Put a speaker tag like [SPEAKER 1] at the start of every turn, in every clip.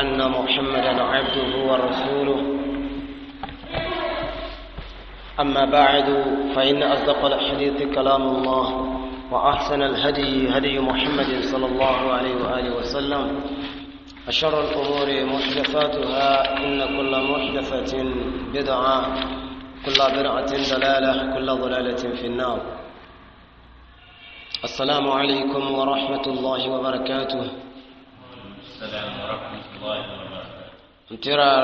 [SPEAKER 1] أن محمدا عبده ورسوله أما بعد فإن أصدق الحديث كلام الله وأحسن الهدي هدي محمد صلى الله عليه وآله وسلم أشر الأمور محدثاتها إن كل محدثة بدعة كل برعة دلالة كل ضلالة في النار السلام عليكم ورحمة الله وبركاته
[SPEAKER 2] السلام ورحمة
[SPEAKER 1] ترى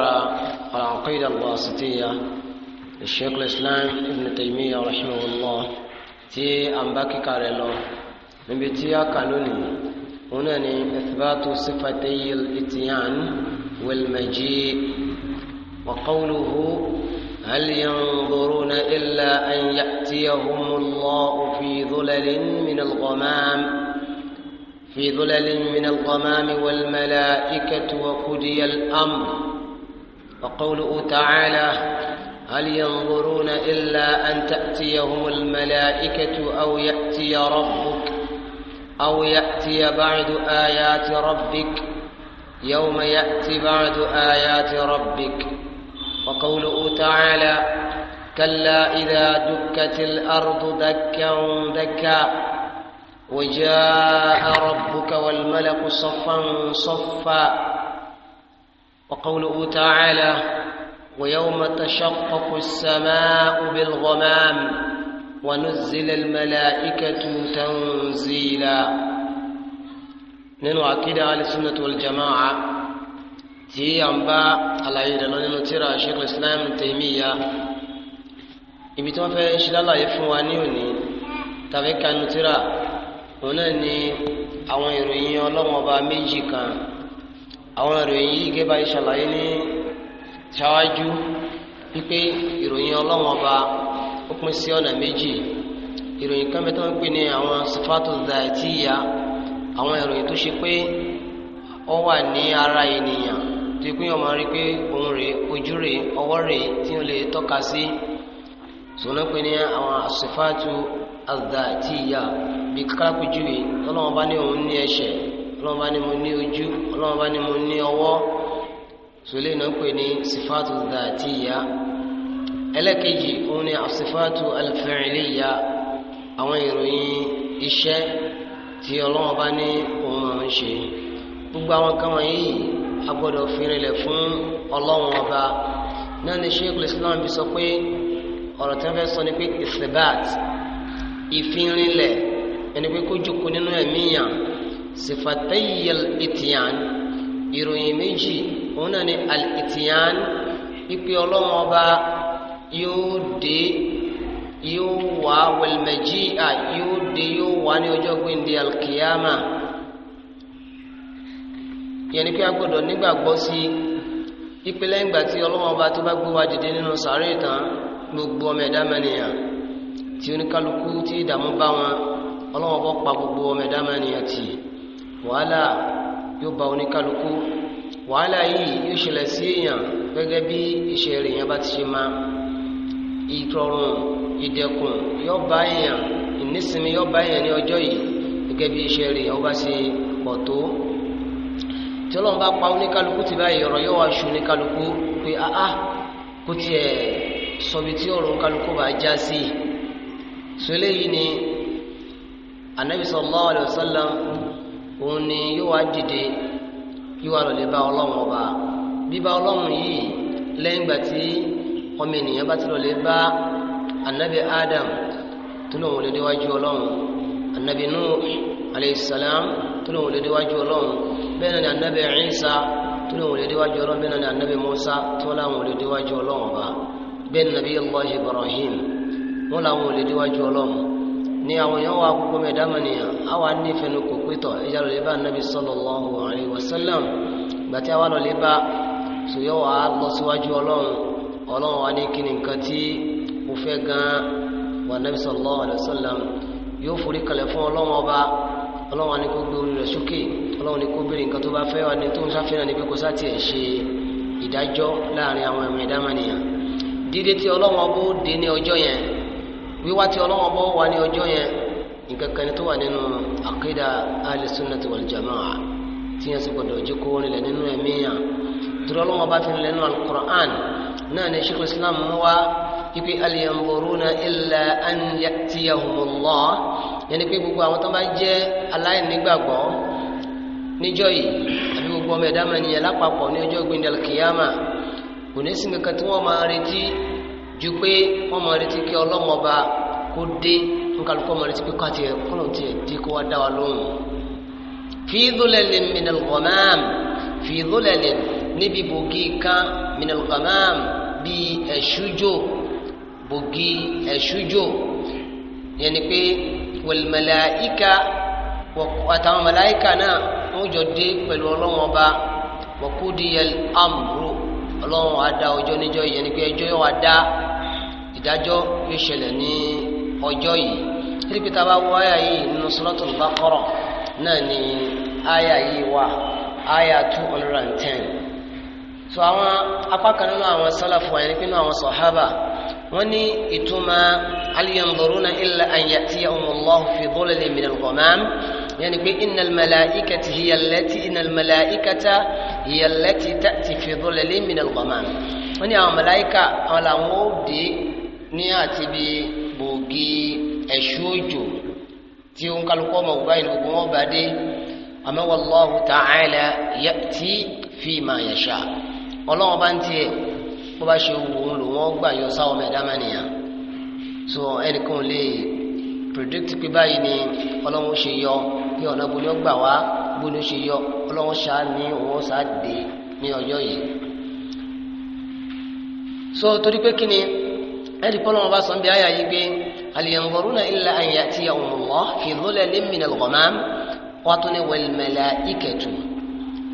[SPEAKER 1] العقيدة الواسطية الشيخ الإسلام ابن تيمية رحمه الله تي أمباكي كاريلو نبتيا كانوني هناني إثبات صفتي الإتيان والمجيء وقوله هل ينظرون إلا أن يأتيهم الله في ظلل من الغمام في ظلل من الغمام والملائكة وقضي الأمر وقوله تعالى هل ينظرون إلا أن تأتيهم الملائكة أو يأتي ربك أو يأتي بعد آيات ربك يوم يأتي بعد آيات ربك وقوله تعالى كلا إذا دكت الأرض دكا دكا وجاء ربك والملك صفا صفا وقوله تعالى ويوم تشقق السماء بالغمام ونزل الملائكة تنزيلا ننو عقيدة على السنة والجماعة تي أنباء العيدة ننو ترى شيخ الإسلام التيمية إبتما في إن شاء الله يفواني وني تبقى ننو òun náà ni àwọn ìròyìn ọlọ́wọ́n ọba méjì kan àwọn ìròyìn yìí gẹ́gẹ́ bá ṣàlàyé ní ṣáwájú wípé ìròyìn ó pín sí ọ̀nà méjì ìròyìn kan ń pè ní àwọn sifátò àwọn ìròyìn ara ènìyàn tó rí pé òun ojú ọwọ́ tí ó lè tọ́ka sí sọ̀nà pé ní àwọn sifátò bí kápẹ́jùwe ọlọ́wọ́n bá ní òun ní ẹsẹ̀ ọlọ́wọ́n bá ní mo ní ojú ọlọ́wọ́n bá ní mo ní ọwọ́ sọlẹ́ náà pè ní sifatu dàtíyà ẹlẹ́kejì òun ni àsifatu alfẹ́rẹ́lẹ́yà àwọn ìròyìn iṣẹ́ tí ọlọ́wọ́n bá ní òun máa ń ṣe gbogbo àwọn kan wọ̀nyí a gbọ́dọ̀ fi rinlẹ̀ fún ọlọ́wọ́n ọba náà ni sheikh islam bí sọ pé ọ̀rọ̀ tí wọ́n fẹ́ sọ ni pé ìsìbáàt ìfinrinlẹ̀ ẹni pé kó jókòó nínú ẹ̀mí yàn sifatayil itiyan ìròyìn méjì òun náà ni al itiyan ipe ọlọ́wọ́n ọba yóò dé yóò wá wẹlmẹjì à yóò dé yóò wá ní ọjọ́ gbẹ̀ndé alkiyama yẹn ni pé a gbọ́dọ̀ nígbàgbọ́ sí ìpínlẹ̀ ìgbà tí ọlọ́wọ́n ọba tó bá gbé wa dìde nínú sàárè tán gbogbo ọmọ ẹ̀dá mẹ́nìyàn tí oníkálukú tí ìdààmú bá wọn ọlọ́wọ́ bọ́ pa gbogbo ọmọ ẹ̀dá mẹ́niyàn tì wàhálà yóò bá oníkálukú wàhálà yìí yóò ṣẹlẹ̀ sí èèyàn gẹ́gẹ́ bí iṣẹ́ rẹ̀ yẹn bá ti ṣe máa ìtọrùn ìdẹkùn yóò bá èèyàn ìnísinmi yóò bá èèyàn ní ọjọ́ yìí gẹ́gẹ́ bí iṣẹ́ rẹ̀ yẹn bá ṣe pọ̀ tó tí ọlọ́run bá pa oníkálukú ti báyìí ọ̀rọ̀ yóò wá ṣu oníkálukú pé áá kó tiẹ̀ sọ anabi sallallahu alayhi wa sallam òun ni yóò wá dìde yóò wá lọlẹ bá Ọlọ́run ọba bíbá Ọlọ́run yìí lẹ́yìn ìgbà tí ọmọ ènìyàn bá ti lọlẹ bá anabi adam tó lóun lè déwájú Ọlọ́run anabi nuh alayhi salam tó lóun lè déwájú Ọlọ́run bẹ́ẹ̀ náà ni anabi isa tó lóun lè déwájú Ọlọ́run bẹ́ẹ̀ náà ni anabi musa tó láwọn lè déwájú Ọlọ́run ọba bẹ́ẹ̀ nabi allah ibrahim wọn làwọn lè déwájú Ọlọ́run. Ni àwọn èèyàn wà gbogbo mẹ̀dámọ̀nìyàn a wà nífẹ̀ẹ́nu kò pétọ̀ ẹja lọ lè bá nàbí sallallahu alaihi wasallam ìgbà tí a wà lọ lè bá sòyọ́ wà á lọ síwájú ọlọ́run ọlọ́run wà ní kí ni nǹkan tí ó fẹ́ gan wà nàbí sallallahu alaihi wasallam yóò forí kalẹ̀ fún ọlọ́run ọba ọlọ́run wà ní kó gbé orí rẹ̀ sókè ọlọ́run ní kó béèrè nǹkan tó bá fẹ́ wà ní tó wíwá tí ọlọ́wọ́n bọ́ wà ní ọjọ́ yẹn nǹkan kan tó wà nínú àkídà alìsúnnàtì wàlìjàmáà tí yẹn sì gbọdọ̀ jí kó nílẹ̀ nínú ẹ̀mí yàn dúró ọlọ́wọ́n bá fi nílẹ̀ nínú alukur'an náà ní sheikh islam mú wá ipe aliyanburuna illa an yatiyahumullah yẹn ni pé gbogbo àwọn tó bá jẹ́ aláìnígbàgbọ́ níjọ́ yìí àbí gbogbo ọmọ ẹ̀dá mẹ́niyàn lápapọ̀ ní ọjọ́ gbẹ̀ndẹ̀lkìyàmà kò ní sí nǹkan tí wọ́n máa retí ju pé wọ́n máa retí kí ọlọ́wọ́n ọba kó dé nkàlùkọ́ máa retí pé kó àti ẹ̀kọ́nà ti ẹ̀ dé kó wá dá wa lóhùn. fi dhulalin minal ghamam fi dhulalin níbi bògì kan minal ghamam bíi ẹ̀ṣújò bògì ẹ̀ṣújò yẹn ni pé wal àtàwọn màláíkà náà wọ́n jọ dé pẹ̀lú ọlọ́wọ́n ọba wọ́kúdìyẹ amru ọlọ́wọ́n adá ọjọ́ níjọ́ yẹn ni pé ẹjọ́ yóò wá dá ìdájọ́ yóò ṣẹlẹ̀ ní ọjọ́ yìí títí tá a bá wọ àyà yìí nínú Suratul Baqara náà ni àyà yìí wà àyà two so àwọn apá kan nínú àwọn sálàfù àyẹn nínú àwọn sọ̀hábà wọ́n ní ìtumọ̀ hal yanzuruna illa an ya'tiyahumullahu fi dhulalin minal ghamam يعني بإن الملائكة هي التي إن الملائكة هي التي ní àti bí gbòógì ẹ̀ṣú òjò tí ó ń kálukú ọmọ òwúrọ̀ yìí gbogbo wọn bá dé àmọ́ wallahu ta'ala ya'ti fi ma yasha ọlọ́wọ́n bá ń tiẹ̀ bó bá ṣe wù ú lò wọ́n gbà yọ sáwọn mẹ́dámánìyàn so ẹnìkan lè predict pé báyìí ni ọlọ́wọ́n ṣe yọ bí ọ̀nà bo ni ó gbà wá bó ni ó ṣe yọ ọlọ́wọ́n ṣá ní òun ṣá dé ní ọjọ́ yìí so torí pé kí ni ẹ̀rí pọ́lọ́ wọn bá sọ bí ayà yìí pé alìyànbọ̀rúnà ilẹ̀ àyà tí a wọ̀n lọ ìrọ̀lẹ̀ lẹ́mìnà lọ́mà wà tó ní wẹ̀lmẹ̀lá ìkẹtù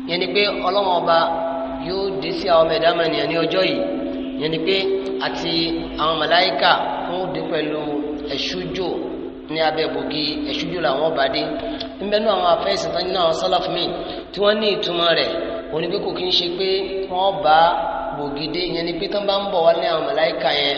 [SPEAKER 1] yẹn ni pé ọlọ́wọ́n ọba yóò dé sí àwọn ẹ̀dá ní ọjọ́ yìí yẹn pé àti àwọn màláíkà wọn ó dé pẹ̀lú ẹ̀ṣújò ní abẹ́ ẹ̀ṣújò làwọn ọba dé nbẹ́nu àwọn afẹ́sìn tán nínú àwọn sálàfù mi tí wọ́n ní ìtumọ̀ rẹ̀ òní pé kò kí ń ṣe pé wọ́n bá bògì dé yẹn ni pé tán bá ń bọ̀ wá ní àwọn màláíkà yẹn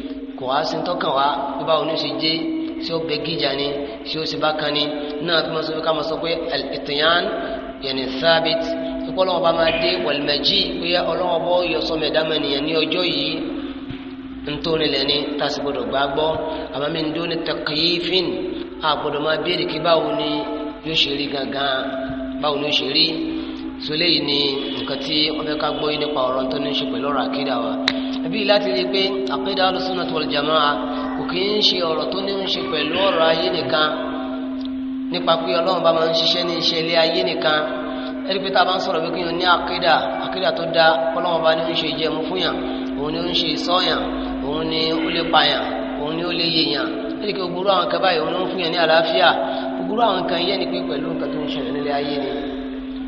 [SPEAKER 1] kò wá sí tọ́kàn wá bí báwo ni ó ṣe jẹ́ ṣé ó bẹ gíjà ni ṣé ó sì bá kan ni náà fi máa sọ pé ká máa sọ pé al-ityan yẹni sábit pípọ́ lọ́wọ́ bá máa dé wal-maji pé ọlọ́wọ́ bọ́ yọ sọmọ ẹ̀dá mẹ́niyàn ní ọjọ́ yìí nítorí lẹ́ni tàṣí gbọ́dọ̀ gbá gbọ́ àmọ́ mi ń dún ní takyifin àgbọ̀dọ̀ máa béèrè kí báwo ni yóò ṣe rí gangan báwo ni yóò ṣe rí sólẹ́yìn ni nǹkan tí wọ́n fẹ́ ká gbọ́ yìí nípa ọ̀rọ̀ tó ṣe pẹ̀lú ọ̀rọ̀ àkídà wa àbí láti rí i pé àkídà alùsùnà wal jamaa kò kì í ṣe ọ̀rọ̀ tó ní ń ṣe pẹ̀lú ọ̀rọ̀ ayé nìkan nípa pé ọlọ́run bá máa ń ṣiṣẹ́ ní iṣẹ́ ilé ayé nìkan ẹ̀rí pé tá bá ń sọ̀rọ̀ pé kí ní àkídà àkídà tó dá ọlọ́run bá ní ń ṣe ìjẹun fún yàn òun ni ó ń ṣe ìsọ́yàn òun ni ó lè pààyàn òun ni ó lè yèèyàn ẹ̀rí pé gbogbo àwọn kan báyìí òun ló ń fún yàn ní àlàáfíà gbogbo àwọn kan yẹ́ ni pé pẹ̀lú nǹkan tó ń ṣẹlẹ̀ nílé ayé ni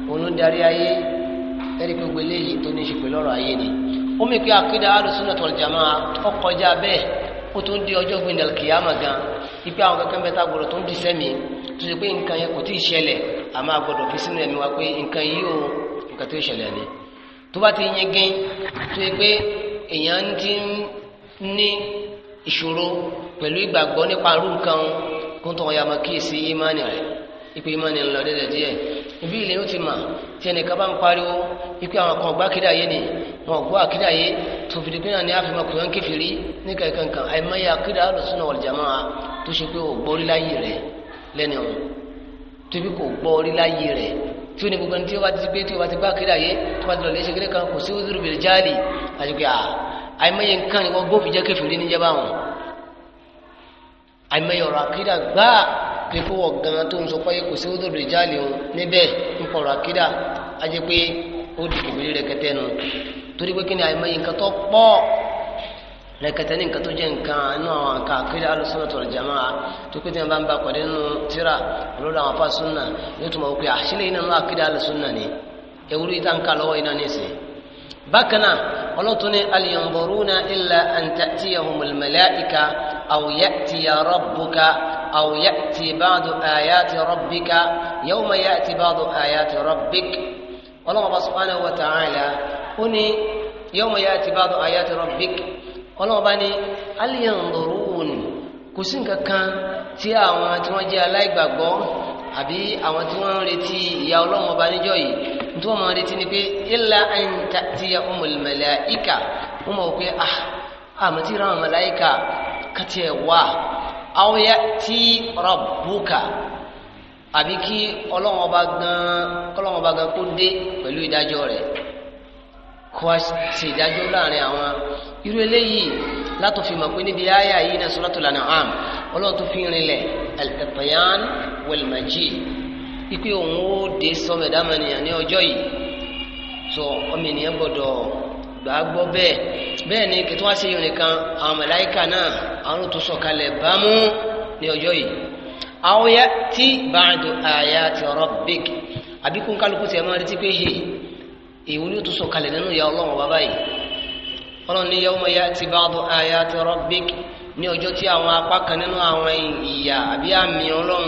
[SPEAKER 1] òun ló ń darí ayé ẹ̀rí pé gbogbo eléyìí tó ní ṣe pẹ̀lú ọ̀rọ̀ ayé ni. ó mì kí àkídà alùsùnà tọ̀lù jàmá ó kọjá bẹ́ẹ̀ ó tún di ọjọ́ gbìndà kìyàmà gan ipe àwọn kankan bẹ́ẹ̀ tá gbọdọ̀ tó ń di sẹ́mi tó ṣe pé nǹkan yẹn kò tí ì ṣẹlẹ̀ àmọ́ fi sínú ẹ̀mí wa pé nǹkan yìí ó nǹkan tó ni tó bá ti tó ti ní ìṣòro pẹ̀lú ìgbàgbọ́ nípa arú kan kó tó kíyèsí ìmánì rẹ̀ ipe ibi ilẹ̀ yóò ti mà tí ẹnìkan bá ń pariwo ikú àwọn kan ọgbà kiri ayé ni wọn gbọ́ àkídà yé tó fi dìgbìn náà ní àfihàn kò yàn kẹfìrí ní kankankan àìmọye àkídà alùsùnà wal jamaa tó ṣe pé ò gbọ́ rí láyé rẹ̀ lẹ́nu ọ̀hún tó fi kò gbọ́ rí láyé rẹ̀ tí ó ní gbogbo ní tí ó bá ti gbé tí ó bá ti gbá àkídà yé tó bá ti lọlé ṣe kéré kan kò sí òdúró bèrè jáàlì àdìgbà àìmọye nǹkan ni wọn gbọ́ fi jẹ́ kẹfìrí níjẹ́ báwọn àìmọye ọ̀rọ̀ àkídà gbáà ní pé wọ́n gan tó ń sọ pé kò sí odò rìjálì òun níbẹ̀ ń pọ̀rọ̀ àkídà á jẹ́ pé ó di kìbìrì rẹ̀kẹ̀tẹ̀ nù torí pé kí ni àìmọye nǹkan tó pọ̀ rẹ̀kẹ̀tẹ̀ ní nǹkan tó jẹ́ nǹkan inú àwọn nǹkan àkídà alùsùnnà wal jamaa tó pé tí wọ́n bá ń bá pàdé nínú tíra olórí àwọn afá súnà tún mọ̀ pé àṣìlẹ̀ iná nínú àkídà alùsùnnà ni ewúrú yìí ń kà lọ́wọ́ iná nísìn bákan náà ọlọ́tún ní al yanzuruna illa an ta'tiyahumul malaika aw ya'tiya rabbuka أو يأتي بعض آيات ربك يوم يأتي بعض آيات ربك الله سبحانه وتعالى أني يوم يأتي بعض آيات ربك الله بني هل ينظرون كسنك كان تي àwọn tí wọ́n jẹ́ aláìgbàgbọ́ àbí àwọn tí wọ́n ń retí ìyà ọlọ́run ọba níjọ́ yìí tí wọ́n máa ń retí ni pé illa an ta'tiyahumul malaika wọ́n mọ̀ pé ah àmọ́ tí ra àwọn màláìka kàtí ẹ̀ wá aw ya'ti rabbuka àbí kí ọlọ́run ọba gan ọlọ́run ọba gan kó dé pẹ̀lú ìdájọ́ rẹ̀ kó wá ṣe ìdájọ́ láàrin àwọn irú eléyìí látò mọ̀ pé níbi àyà yìí náà Suratul An'am ọlọ́run tó fi rinlẹ̀ al-ityan wal-maji' ipe òun ó dé sọmẹ̀dámẹ́nìyàn ní ọjọ́ yìí sọ ọmọ ènìyàn gbọ́dọ̀ gbà á gbọ́ bẹ́ẹ̀ bẹ́ẹ̀ ni kí tí wọ́n ṣe yìí nìkan àwọn màláíkà náà àwọn tó sọ̀kalẹ̀ bámú ní ọjọ́ yìí àwọn ya tí ba'du ayati rabbik àbíkún kálukú ti ẹ̀ máa retí pé he èwo ni ó tó sọ̀kalẹ̀ nínú ìyá ọlọ́run bàbá yìí ọlọ́run ní yawma ya'ti ba'du ayati rabbik ní ọjọ́ tí àwọn apá kan nínú àwọn ìyà àbí àmì ọlọ́run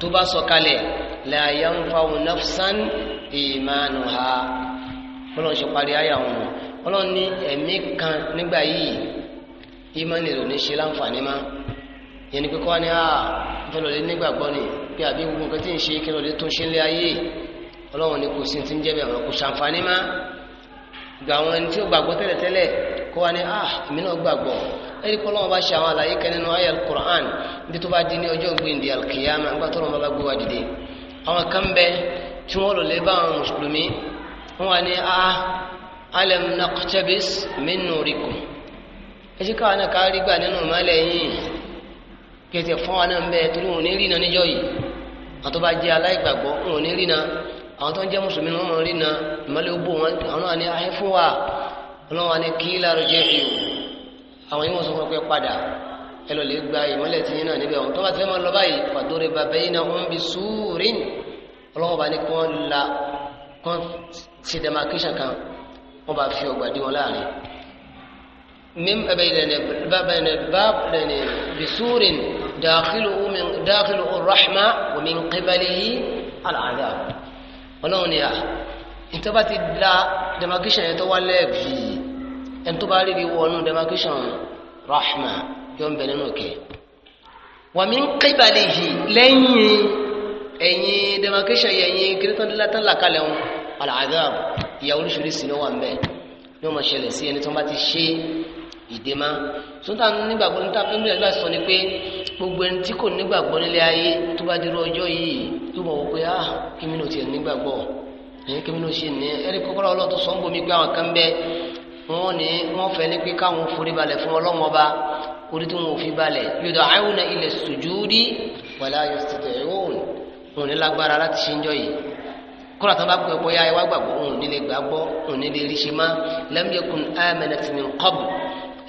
[SPEAKER 1] tó bá sọ̀kalẹ̀ la yanfa'u nafsan imanuha ọlọ́run ṣe parí ayà wọn ọlọ́run ní ẹ̀mí kan nígbà yìí ìmọ̀ni rò ní ṣe láǹfààní má yẹn ni pípọ́ ni áà fẹ́ lọ́lẹ́ nígbàgbọ́ ni pé àbí gbogbo nǹkan tí ń ṣe kí lọ́lẹ́ tó ń ṣe ń lé ayé ọlọ́run ní kò sí ti ń jẹ́ bẹ̀rẹ̀ kò ṣàǹfààní má gbà àwọn ẹni tí ó gbàgbọ́ tẹ́lẹ̀tẹ́lẹ̀ kó wa áà èmi náà gbàgbọ́ ẹni pé ọlọ́run bá ṣe àwọn àlàyé kan nínú ayé alukur'an tó bá di ní ọjọ́ alam naqtabis min nurikum ẹ ṣe káwọn náà kárí gbà nínú ìmọ̀lẹ̀ yìí kẹtẹ fún wa náà ń bẹ torí wọn ò ní rí iná níjọ́ yìí àwọn tó bá jẹ aláìgbàgbọ́ wọn ò ní rí iná àwọn tó ń jẹ mùsùlùmí wọn mọ̀ rí iná ìmọ̀lẹ̀ ó bò wọn àwọn náà ní ayé fún wa ọlọ́run wa ní kí láàrọ̀ jẹ́ ìhò àwọn yìí wọ́n sọ fún padà ẹ lọ lè gba ìmọ̀lẹ̀ tí yín náà níbẹ̀ wọn tó bá ti fẹ́ wọn bá fi ọgbà dí wọn láàrin min bayna bab lani bisurin dakhiluhu min dakhiluhu rahma wa min qibalihi al'adab ọlọ́run ni a n tó bá ti la demarcation yẹn tó wá lẹ́ẹ̀bì ẹn tó bá rí bí wọnú demarcation rahma yóò ń bẹ nínú òkè wa min lẹ́yìn ẹ̀yìn demarcation yẹn yẹn kiri tó ń lé làkàlẹ̀ wọn al-adhab ìyà oríṣiríṣi ló wà ń bẹ ní wọn ṣẹlẹ̀ sí ẹni tó bá ti ṣe ìdèmá sóńtà nígbàgbọ́ níta fún mi lẹ́gbàá sọ ni pé gbogbo ẹni tí kò nígbàgbọ́ nílé ayé tó bá dirú ọjọ́ yìí yóò bọ̀ wọ́n pé ah kí mi ló tiẹ̀ nígbàgbọ́ ẹ̀yìn kí mi ló ṣe ní ẹ̀rí kọ́kọ́rọ́ ọlọ́tún sọ ń bomi pé àwọn kan bẹ wọn ni wọn fẹ́ ni pé káwọn forí balẹ̀ fún ọlọ́wọ́n ọba orí tí wọn ò fi balẹ̀ yud'auna ila sujudi wala yastati'un wọn ní lágbára láti ṣe ń jọ yìí kọ́ra tó bá pẹ́ bóyá ẹ wá gbàgbọ́ òun nílé gbàgbọ́ òun nílé rí ṣe má lam yakun amanat min qabl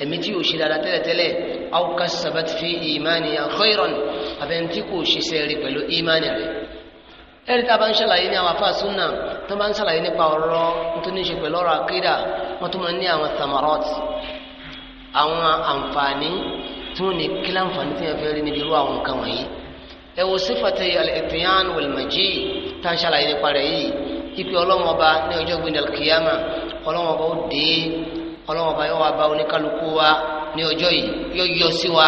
[SPEAKER 1] ẹ̀mí tí yóò ṣe dáadáa tẹ́lẹ̀tẹ́lẹ̀ aw kasabat fi imaniha khayran àbẹ̀ntí kò ṣiṣẹ́ rí pẹ̀lú ìmánì rẹ̀ ẹ̀rí tá a bá ń ṣàlàyé ní àwọn afá súnà tó bá ń ṣàlàyé nípa ọ̀rọ̀ tó ṣe pẹ̀lú ọ̀rọ̀ àkídà wọ́n tó máa ní àwọn samarot àwọn àǹfààní tí wọ́n ní kí láǹfààní tí wọ́n fẹ́ rí níbi irú àwọn nǹkan wọ̀nyí ẹ sífàtẹ́ tá a ṣàlàyé nípa rẹ̀ yìí ipe ọlọ́wọ́n ọba ní ọjọ́ gbé nílẹ̀ kìyàmà ọlọ́wọ́n ọba ó dé ọlọ́wọ́n ọba yóò wá bá oníkálukú wa ní ọjọ́ yìí yóò yọ sí wa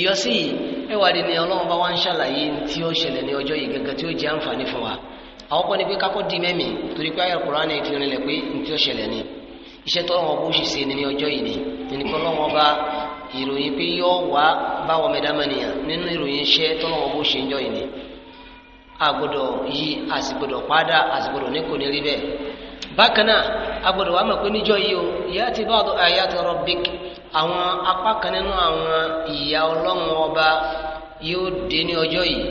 [SPEAKER 1] ìyọsí yìí ẹwà dì ní ọlọ́wọ́n bá wá ń ṣàlàyé tí ó ṣẹlẹ̀ ní ọjọ́ yìí gẹ́gẹ́ tí ó jẹ́ àǹfààní fún wa àwọn kan ní pé kákó di mẹ́mì torí pé ayọ̀ kúránì fi rinlẹ̀ pé ní tí ó ṣẹlẹ̀ ni iṣẹ́ tó wọn bó ṣiṣẹ́ ní ni agbọ́dọ̀ yí àsìgbọ́dọ̀ padà àsìgbọ́dọ̀ ní kò ní rí bẹ́ẹ̀ bákan náà agbọ́dọ̀ wà mọ̀ pé níjọ́ yìí o ìyá ti ba'du ayati rabbik àwọn apá kan nínú àwọn ìyá ọlọ́run ọba yóò dé ní ọjọ́ yìí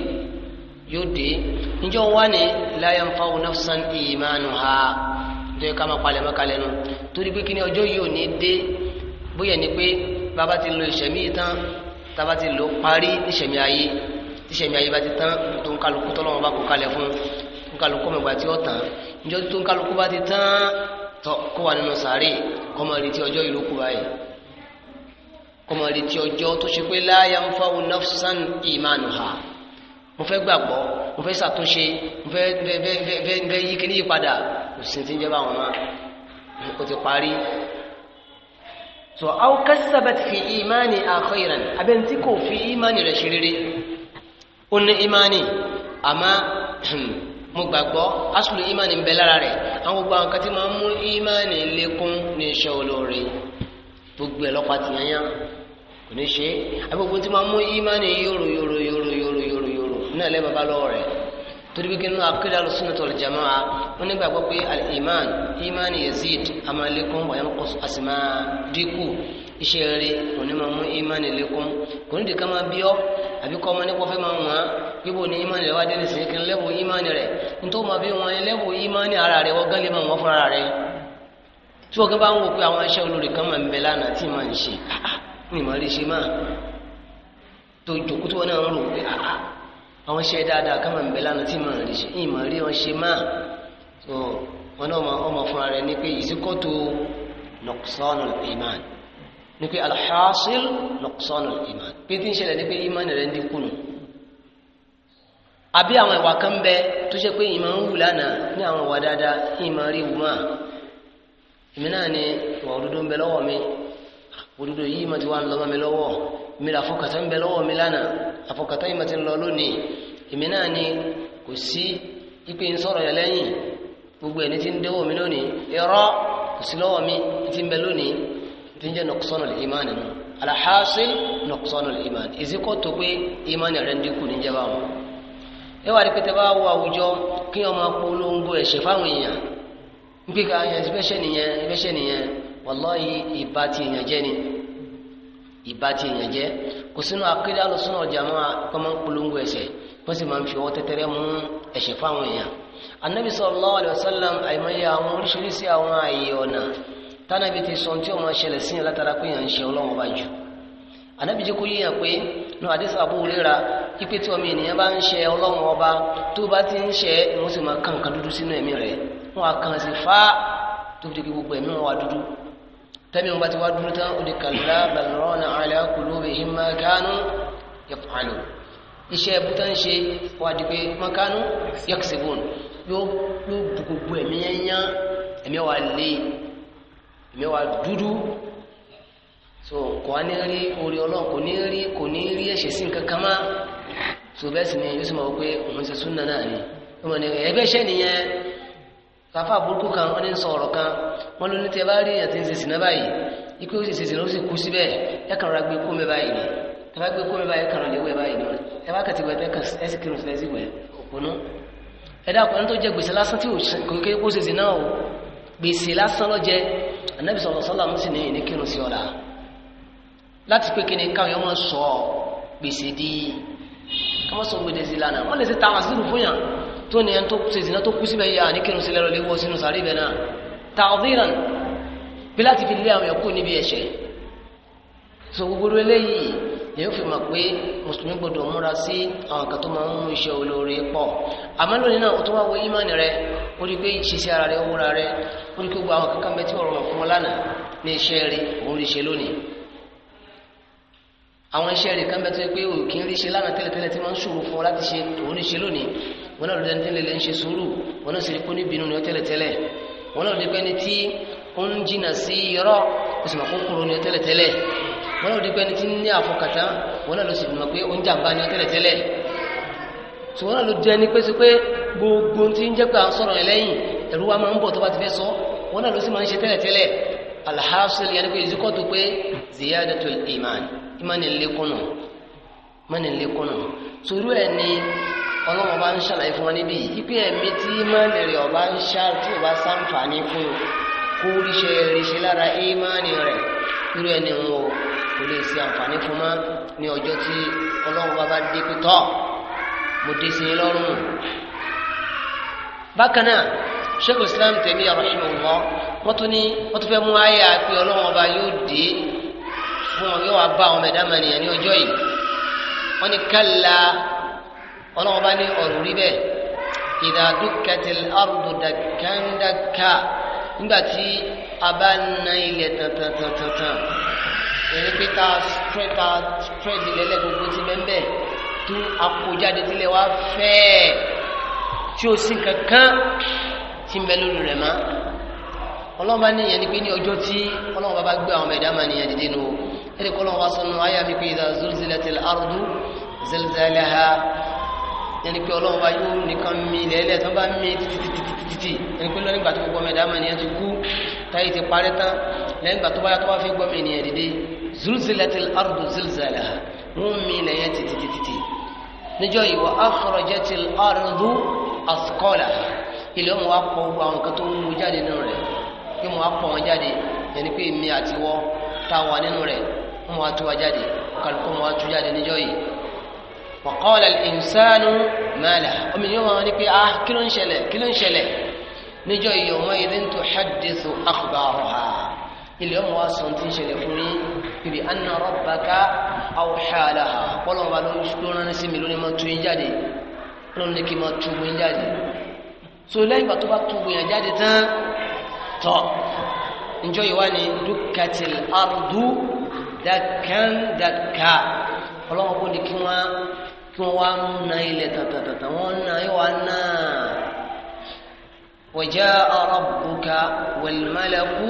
[SPEAKER 1] yóò dé níjọ́ wá ní la yanfa'u nafsan imanuha tó yẹ ká máa palẹ̀ mọ́kalẹ̀ nu torí pé kí ni ọjọ́ yìí ò ní dé bóyá ni pé bàbá ti lo ìṣẹ̀mí tán tàbá ti lò parí ìṣẹ̀mí ayé tíṣẹ̀mí ayé bá ti tán tó ń kálukú tọ́lọ́wọ́n bá kó kalẹ̀ fún ń kálukú mẹ́gbà tí ó tán níjọ́ tó ń kálukú bá ti tán tọ́ kó wà nínú sàárè kọ́mọ retí ọjọ́ ìlú kù báyìí kọ́mọ retí ọjọ́ tó ṣe pé la yanfa'u nafsan imanuha mo fẹ́ gbàgbọ́ mo fẹ́ ṣàtúnṣe mo fẹ́ fẹ́ yí kíní yípadà kò sí ti ń jẹ́ báwọn náà o ti parí so aw kasabat fi imani akhiran abẹ́ntí kò fi imani rẹ̀ ṣe rere. ó imani àmọ́ mo gbàgbọ́ asùlù imani ń bẹ lára rẹ̀ àwọn gbogbo àwọn kan tí máa ń mú imani lékún ní iṣẹ́ olóore gbogbo ẹ̀ lọ́pàá ti yányá kò ní ṣe agbègbè tí máa ń mú imani yòrò yòrò yòrò yòrò yòrò yòrò náà bàbá lọ́wọ́ rẹ̀ torí akéde pé imani yazid iṣẹ́ rere kò ní máa mú ìmánì lékún kò ní di ká máa bí ọ́ àbí kọ́ ọmọ nípa fẹ́ máa wọ́n yíbo ni ìmánì rẹ̀ wá dé nísìnyí kí n lẹ́wọ̀ ìmánì rẹ̀ nítorí máa bí wọn lẹ́wọ̀ ìmánì ara rẹ̀ wọ́n gán lè máa wọ́n fún ara rẹ̀ tí wọ́n bá ń wò pé àwọn iṣẹ́ olórí kan máa ń bẹ lánàá tí máa ń ṣe ní ìmọ̀ rí ṣe máa tó jòkó tó wọn náà ń rò pé àwọn iṣẹ́ dáadáa kan máa ń bẹ lánàá tí máa ń rí ṣe ìmọ̀ rí wọn ṣe máa wọn náà ọmọ fúnra rẹ̀ ní pé ìsíkọ́tò nọ̀kùsọ́nù ìmánì ní pé alhassil nuqsanu iman bí tí ń ṣẹlẹ̀ ní pé iman rẹ̀ ń dínkù nù àbí àwọn ìwà kan bẹ tó ṣe pé ìmọ̀ ń wù lánàá ní àwọn ìwà dáadáa ìmọ̀ rí wù máa èmi náà ni ìwà òdodo ń bẹ lọ́wọ́ mi òdodo yìí mà ti wá ń lọ́mọ mi lọ́wọ́ mi là àfọkàtà ń bẹ lọ́wọ́ mi lánàá àfọkàtà yìí ti ń lọ lónìí èmi náà ni kò sí ipe ń sọ̀rọ̀ yẹn lẹ́yìn gbogbo ẹni tí ń dẹ́wọ́ mi lónìí irọ́ kò sí lọ́wọ́ mi ti ń bẹ lónìí tí ń jẹ́ nọ̀kọ́sọ́nà ìmánì nù alhasil nọ̀kọ́sọ́nà ìmánì ìzíkọ́ tó pé ìmánì rẹ̀ ń dínkù ní jẹba wọn ẹ wà ní pété bá wọ àwùjọ kí ọmọ polongo ẹ̀ṣẹ̀ fáwọn èèyàn ń pè ká ẹ̀yàn ìbẹ́ṣẹ̀ nìyẹn ìbẹ́ṣẹ̀ nìyẹn wàláhì ìbá ti èèyàn jẹ́ ni ìbá ti èèyàn jẹ́ kò sínú akéde alùsùn ọjà máa kọ́ máa polongo ẹ̀ṣẹ̀ wọ́n sì máa ń fi ọwọ́ tẹ́tẹ́rẹ́ mú ẹ̀ṣẹ̀ fáwọn èèyàn anabi sallallahu alaihi àìmọye àwọn oríṣiríṣi àwọn àyè ọ̀nà tánàbí ti sọ tí ó máa ṣẹlẹ̀ sí yẹn látara pé yẹn ń ṣe ọlọ́run ọba jù ànábì jẹ́ kó yíyàn pé nu àdísà Abu Huraira ipe tí ọmọ ènìyàn bá ń ṣe ọlọ́run ọba tó bá ti ń ṣe wọ́n sì máa kàn kan dúdú sínú ẹ̀mí rẹ̀ wọ́n á kàn sí fa tó fi gbogbo ẹ̀mí wọn wá dúdú tẹ́mi wọn bá ti wá dúdú tán ó di kàlá balrana ala qulubihim ma kanu yaf'alun iṣẹ́ ẹbú tán ṣe wá di pé ma kanu yaksibun yóò gbogbo ẹ̀mí yẹn yán ẹ̀mí wa lé mẹ́wàá dúdú so kò á ní rí orí ọlọ́run kò ní rí kò ní rí ẹ̀ṣẹ̀ sí nǹkan kan máa so bẹ́ẹ̀ sì ni yóò sì máa wọ pé òun ṣe súnà náà ni ọmọ ní ẹgbẹ́ iṣẹ́ nìyẹn fàáfà burúkú kan wọ́n ní sọ ọ̀rọ̀ kan wọ́n ló ní tí ẹ bá rí èèyàn tí ń ṣe sìnà báyìí ikú ó sì ṣe sìnà ó sì kú síbẹ̀ ẹ kàn ra gbé kó mi báyìí ni ẹ bá gbé kó mi báyìí kàn ra léwé báyìí ni ẹ bá kàtí wẹ̀ ẹ sì kírun sílẹ̀ sí wẹ̀ òpónú ẹ dákun ẹni tó jẹ gbèsè lásán tí kò kékeré kó ṣe sìnà o gbèsè lásán lọ́jẹ́ anabi sọ̀rọ̀ sọ́lá mú sí ní ìní kírun sí ọ̀la láti pé kí ni káwọn yẹn máa sọ gbèsè di káwọn sọ gbèdè sí lánàá wọ́n lè ṣe tàwọn àṣírí fún yàn tó ní ẹni tó ṣe ìsìnà tó kú síbẹ̀ yà ní kírun sí lẹ́rọ léwọ́ sínú sàárè bẹ̀ náà tàwọn bí láti fi lé àwọn yẹn kú níbi ẹ̀ṣẹ̀ so gbogbo eléyìí lèyìn fi mọ̀ pé mùsùlùmí gbọdọ̀ múra sí àwọn kan tó máa ń mú iṣẹ́ olóore pọ̀ àmọ́ lónìí náà o tó wá wo ìmánì rẹ o rí i pé ìṣesí ara rẹ wúra rẹ o rí i pé gbogbo àwọn kankan bẹ tí wọ́n rọrùn fún wọn lánàá ní iṣẹ́ rẹ òun rí i ṣe lónìí àwọn iṣẹ́ rẹ kan bẹ pé o kì í rí i ṣe lánàá tẹ́lẹ̀tẹ́lẹ̀ tí wọ́n ń ṣòro fún ọ láti ṣe òun rí i ṣe lónìí wọn náà ló tẹ́lẹ̀ ni ọ tẹ́lẹ̀tẹ́lẹ̀ wọn náà dípẹ́ ní tí ní àfọkàtà wọn náà ló sì mọ̀ pé ó ń jàǹbá ní tẹ́lẹ̀tẹ́lẹ̀ tí wọn náà ló jẹ́ ní pé sí pé gbogbo tí ń jẹ́ pé à ń sọ̀rọ̀ ẹlẹ́yìn ẹ̀rú wa máa ń bọ̀ tó bá ti fẹ́ sọ wọn náà ló sì máa ń ṣe tẹ́lẹ̀tẹ́lẹ̀ alhasil imani lekunu imani lekunu torí ẹ ni ọlọ́wọ́n bá ń ṣàlàyé fún imani rẹ̀ ọba ń ṣá tí ọba sáǹfààní fún kó ríṣẹ́ imani rẹ̀ irú ẹni wọn o kò lè ṣe àǹfààní fún mọ́ ní ọjọ́ tí ọlọ́run bá bá dé pé tọ́ mo dé sí yín lọ́rùn. bákan náà sheikh islam tẹ̀mí rahimahullah wọ́n tún ní wọ́n tún fẹ́ mú àyà pé ọlọ́run ọba yóò dé fún ọ yóò wá bá ọmọ ẹ̀dá mànìyàn ní ọjọ́ yìí wọ́n ní kálá ọlọ́run ọba ní ọ̀rùn rí bẹ́ẹ̀ idha dukkatil ardu dakkan nígbà tí a bá na ilẹ̀ tán èyí pé ta ta strẹ́ẹ̀dì lẹ́lẹ́ gbogbo ti bẹ́ẹ̀ tó akójáde tilẹ̀ wá fẹ́ẹ̀ tí ó sì kankan ti ń bẹ lórí rẹ̀ mọ́ ọlọ́run bá níyẹn ni pé ní ọjọ́ tí ọlọ́run bá bá gbé àwọn ẹ̀dá máa níyẹn dídé nù ẹ̀rẹ́ kọ́ ọlọ́run wá sọnù ayé àmì pé ìdá zulzilatil ardu zilzalaha yẹni pé ọlọ́run bá yóò nìkan mi lẹ́lẹ́ tó bá mi títítítítítì yẹni pé lọ́nìgbà tó gbọ́mọ ẹ̀dá mọ̀ nìyẹn ti kú táyé ti parẹ́ tán lẹ́yìngbà tó bá yá tó bá fi gbọ́mọ ènìyàn dìde zulzilatil ardu zilzalaha wọ́n mi lẹ́yìn títítítítì níjọ́ yìí wa akhrajatil ardu asqalaha ilé wọn wá pọ̀ gbogbo àwọn nǹkan tó mú jáde nínú rẹ̀ kí wọn wá pọ̀ wọn jáde yẹni pé èmi àtiwọ́ tá a nínú rẹ̀ wọn wá tú wa jáde kálukú wọn wá tú jáde níjọ́ yìí وقال الإنسان ما له ومن يوم أنك آه كل شلة كل شلة نجي يومئذ تحدث أخبارها اليوم واصل تنشل فني بأن ربك أوحى لها ولو ما لون نسمي لون ما توين جادي لون نكي ما توين جادي سولاي بطبع توين جادي تان تو نجي واني دكت الأرض دكا دكا ولو ما بقول لك tún wá ń na ilẹ̀ tàtàtàtà wọ́n na ìwà náà wọ̀já rabbuka wal malaku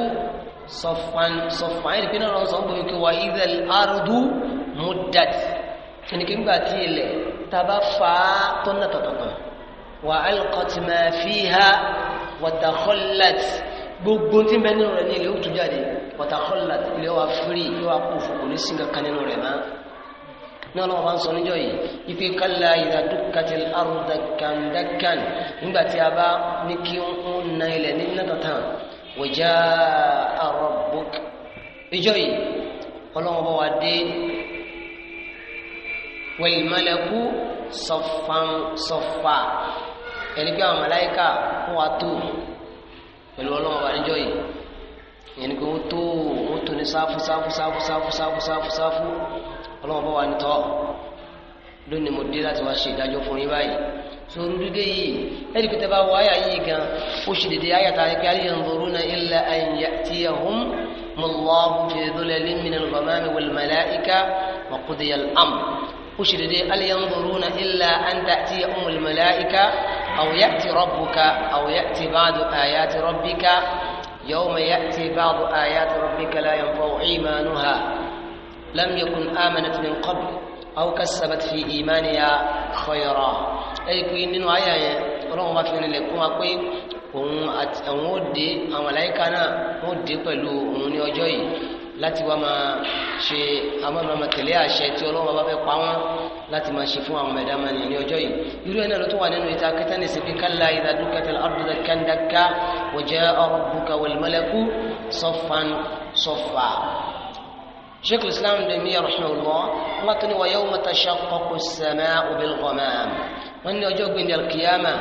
[SPEAKER 1] sọ̀fàn sọ̀fàn ẹ̀rì pínlẹ̀ ọ̀rọ̀ sọ̀fàn gbogbo kí wà idhal ardu muddat ẹnikí gbà tí ilẹ̀ tàbá fa tó na tàtàtà wa alqat ma fiha wa takhallat gbogbo tí bẹ́ẹ̀ rẹ̀ ní ilẹ̀ ó tún jáde wa takhallat ilẹ̀ wà fúri ilẹ̀ wà kó fòkòrò sí kankan nínú rẹ̀ máa ní ọlọ́wọ́ bá ń sọ níjọ́ yìí ipe kálá ìdádúkàtì arúdàkàndàkàn nígbà tí a bá ní kí ń na ilẹ̀ ní nàtàtàn wòjá arọ́bùk ìjọ yìí ọlọ́wọ́ bá wà dé wẹ̀lìmọ́lẹ́kú sọ̀fà ẹni pé àwọn màláìkà wọ́n wá tó pẹ̀lú ọlọ́wọ́ bá níjọ́ yìí ìyẹn pé wọ́n tó wọ́n tó ní sáfù sáfù sáfù sáfù sáfù sáfù sáfù. ọlọ́wọ́ bọ́ wa ní tọ́ lónìí mo dé láti wá ṣe ìdájọ́ fún yín báyìí so n dídé yìí ẹni pé tẹ́bá wọ àyà yìí gan ó ṣe dédé àyà tá a ní pé àlẹ́ yẹn ń ború na illa an le mi ninu dhulalin mi wole mele malaika wa ko qudiya al am ó ṣe dédé àlẹ́ yẹn ń ború na illa an ta'tiyahumul malaika aw ya'ti rabbuka aw ya'ti ba'du ti rabbika yawma ya'ti ba'du ayati rabbika la yanfa'u imanuha. لم يكن آمنت من قبل أو كسبت في إيمانها خيرا أي كوين نينو آية ọlọ́run bá fi rinlẹ̀ kún wa pé مودي àti àwọn òde àwọn àláìka náà wọ́n dé pẹ̀lú òun ní ọjọ́ yìí láti wá máa ṣe àwọn ọmọ tẹ̀lé àṣẹ tí ọlọ́run bá fẹ́ pa wọ́n láti máa ṣe fún àwọn ẹ̀dá mani ní ọjọ́ yìí irú ẹ̀ ló tó wà nínú ìta kẹtẹ́ni sí fi kalla idha dukkatil ardu dakkan dakka wa ja'a rabbuka wal malaku saffan شيخ الإسلام تيمية رحمه الله قال ويوم تشقق السماء بالغمام وأن أجوك من القيامة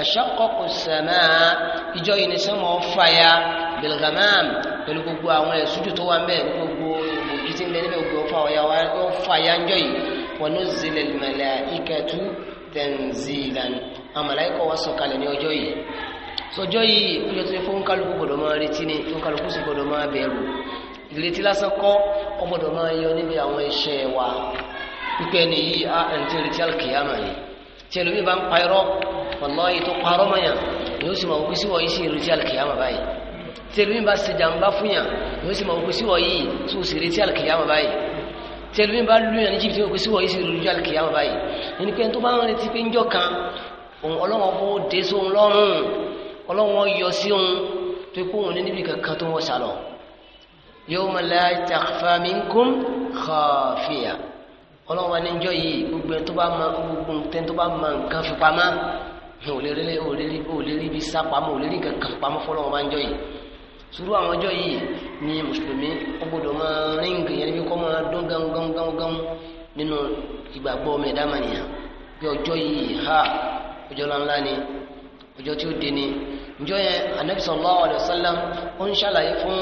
[SPEAKER 1] تشقق السماء إجوي نسمى فيا بالغمام بالغبوة ويسجد وامبه وجزم بنبه وفايا وفايا جوي ونزل الملائكة تنزيلا الملائكة وسوكا لن يجوي سجوي يجوي فون كالكو قدما رتيني فون كالكو سبدما بيرو ìletí lásán kọ́ ọgbọ́dọ̀ máa yọ níbi àwọn iṣẹ́ wa pípẹ́ ni yìí á ẹni tí retí alkiyama yìí tí ẹlòmí bá ń pa irọ́ wallahi tó parọ́ mọ́ yàn ni ó sì máa wọ́pẹ́ sí wọ́n yìí sí retí alkiyama báyìí tí ẹlòmí bá ṣe jàǹbá fún yàn ni ó sì máa wọ́pẹ́ sí wọ́n yìí tó sì retí alkiyama báyìí tí ẹlòmí bá lù yàn ní jìbìtì wọ́pẹ́ sí wọ́n yìí sí retí alkiyama báyìí ẹni pé tó bá ń retí pé ń jọ kan òun ọlọ́wọ́n fún ó dé sóhun lọ́rùn ọlọ́wọ́n yọ yawma la takhfa minkum khafiya ọlọ́run wa ní njọ́ yìí gbogbo ẹni tó bá ma gbogbo ẹni tó bá ma nǹkan fi pamọ́ ò lè rí ò lè rí ò lè rí ibi sá pamọ́ ò lè rí nǹkan kan pamọ́ fọlọ́run wa njọ́ yìí sùúrù àwọn ọjọ́ yìí ni mùsùlùmí ó gbọdọ̀ máa rìn gìyàn níbi kọ́ máa dún gángangángan nínú ìgbàgbọ́ ọmọ ẹ̀dá mànìyàn pé ọjọ́ yìí ha ọjọ́ ńláńlá ni ọjọ́ tí ó dé ni njọ́ yẹn anabi sallallahu alaihi wasallam ó ń ṣàlàyé fún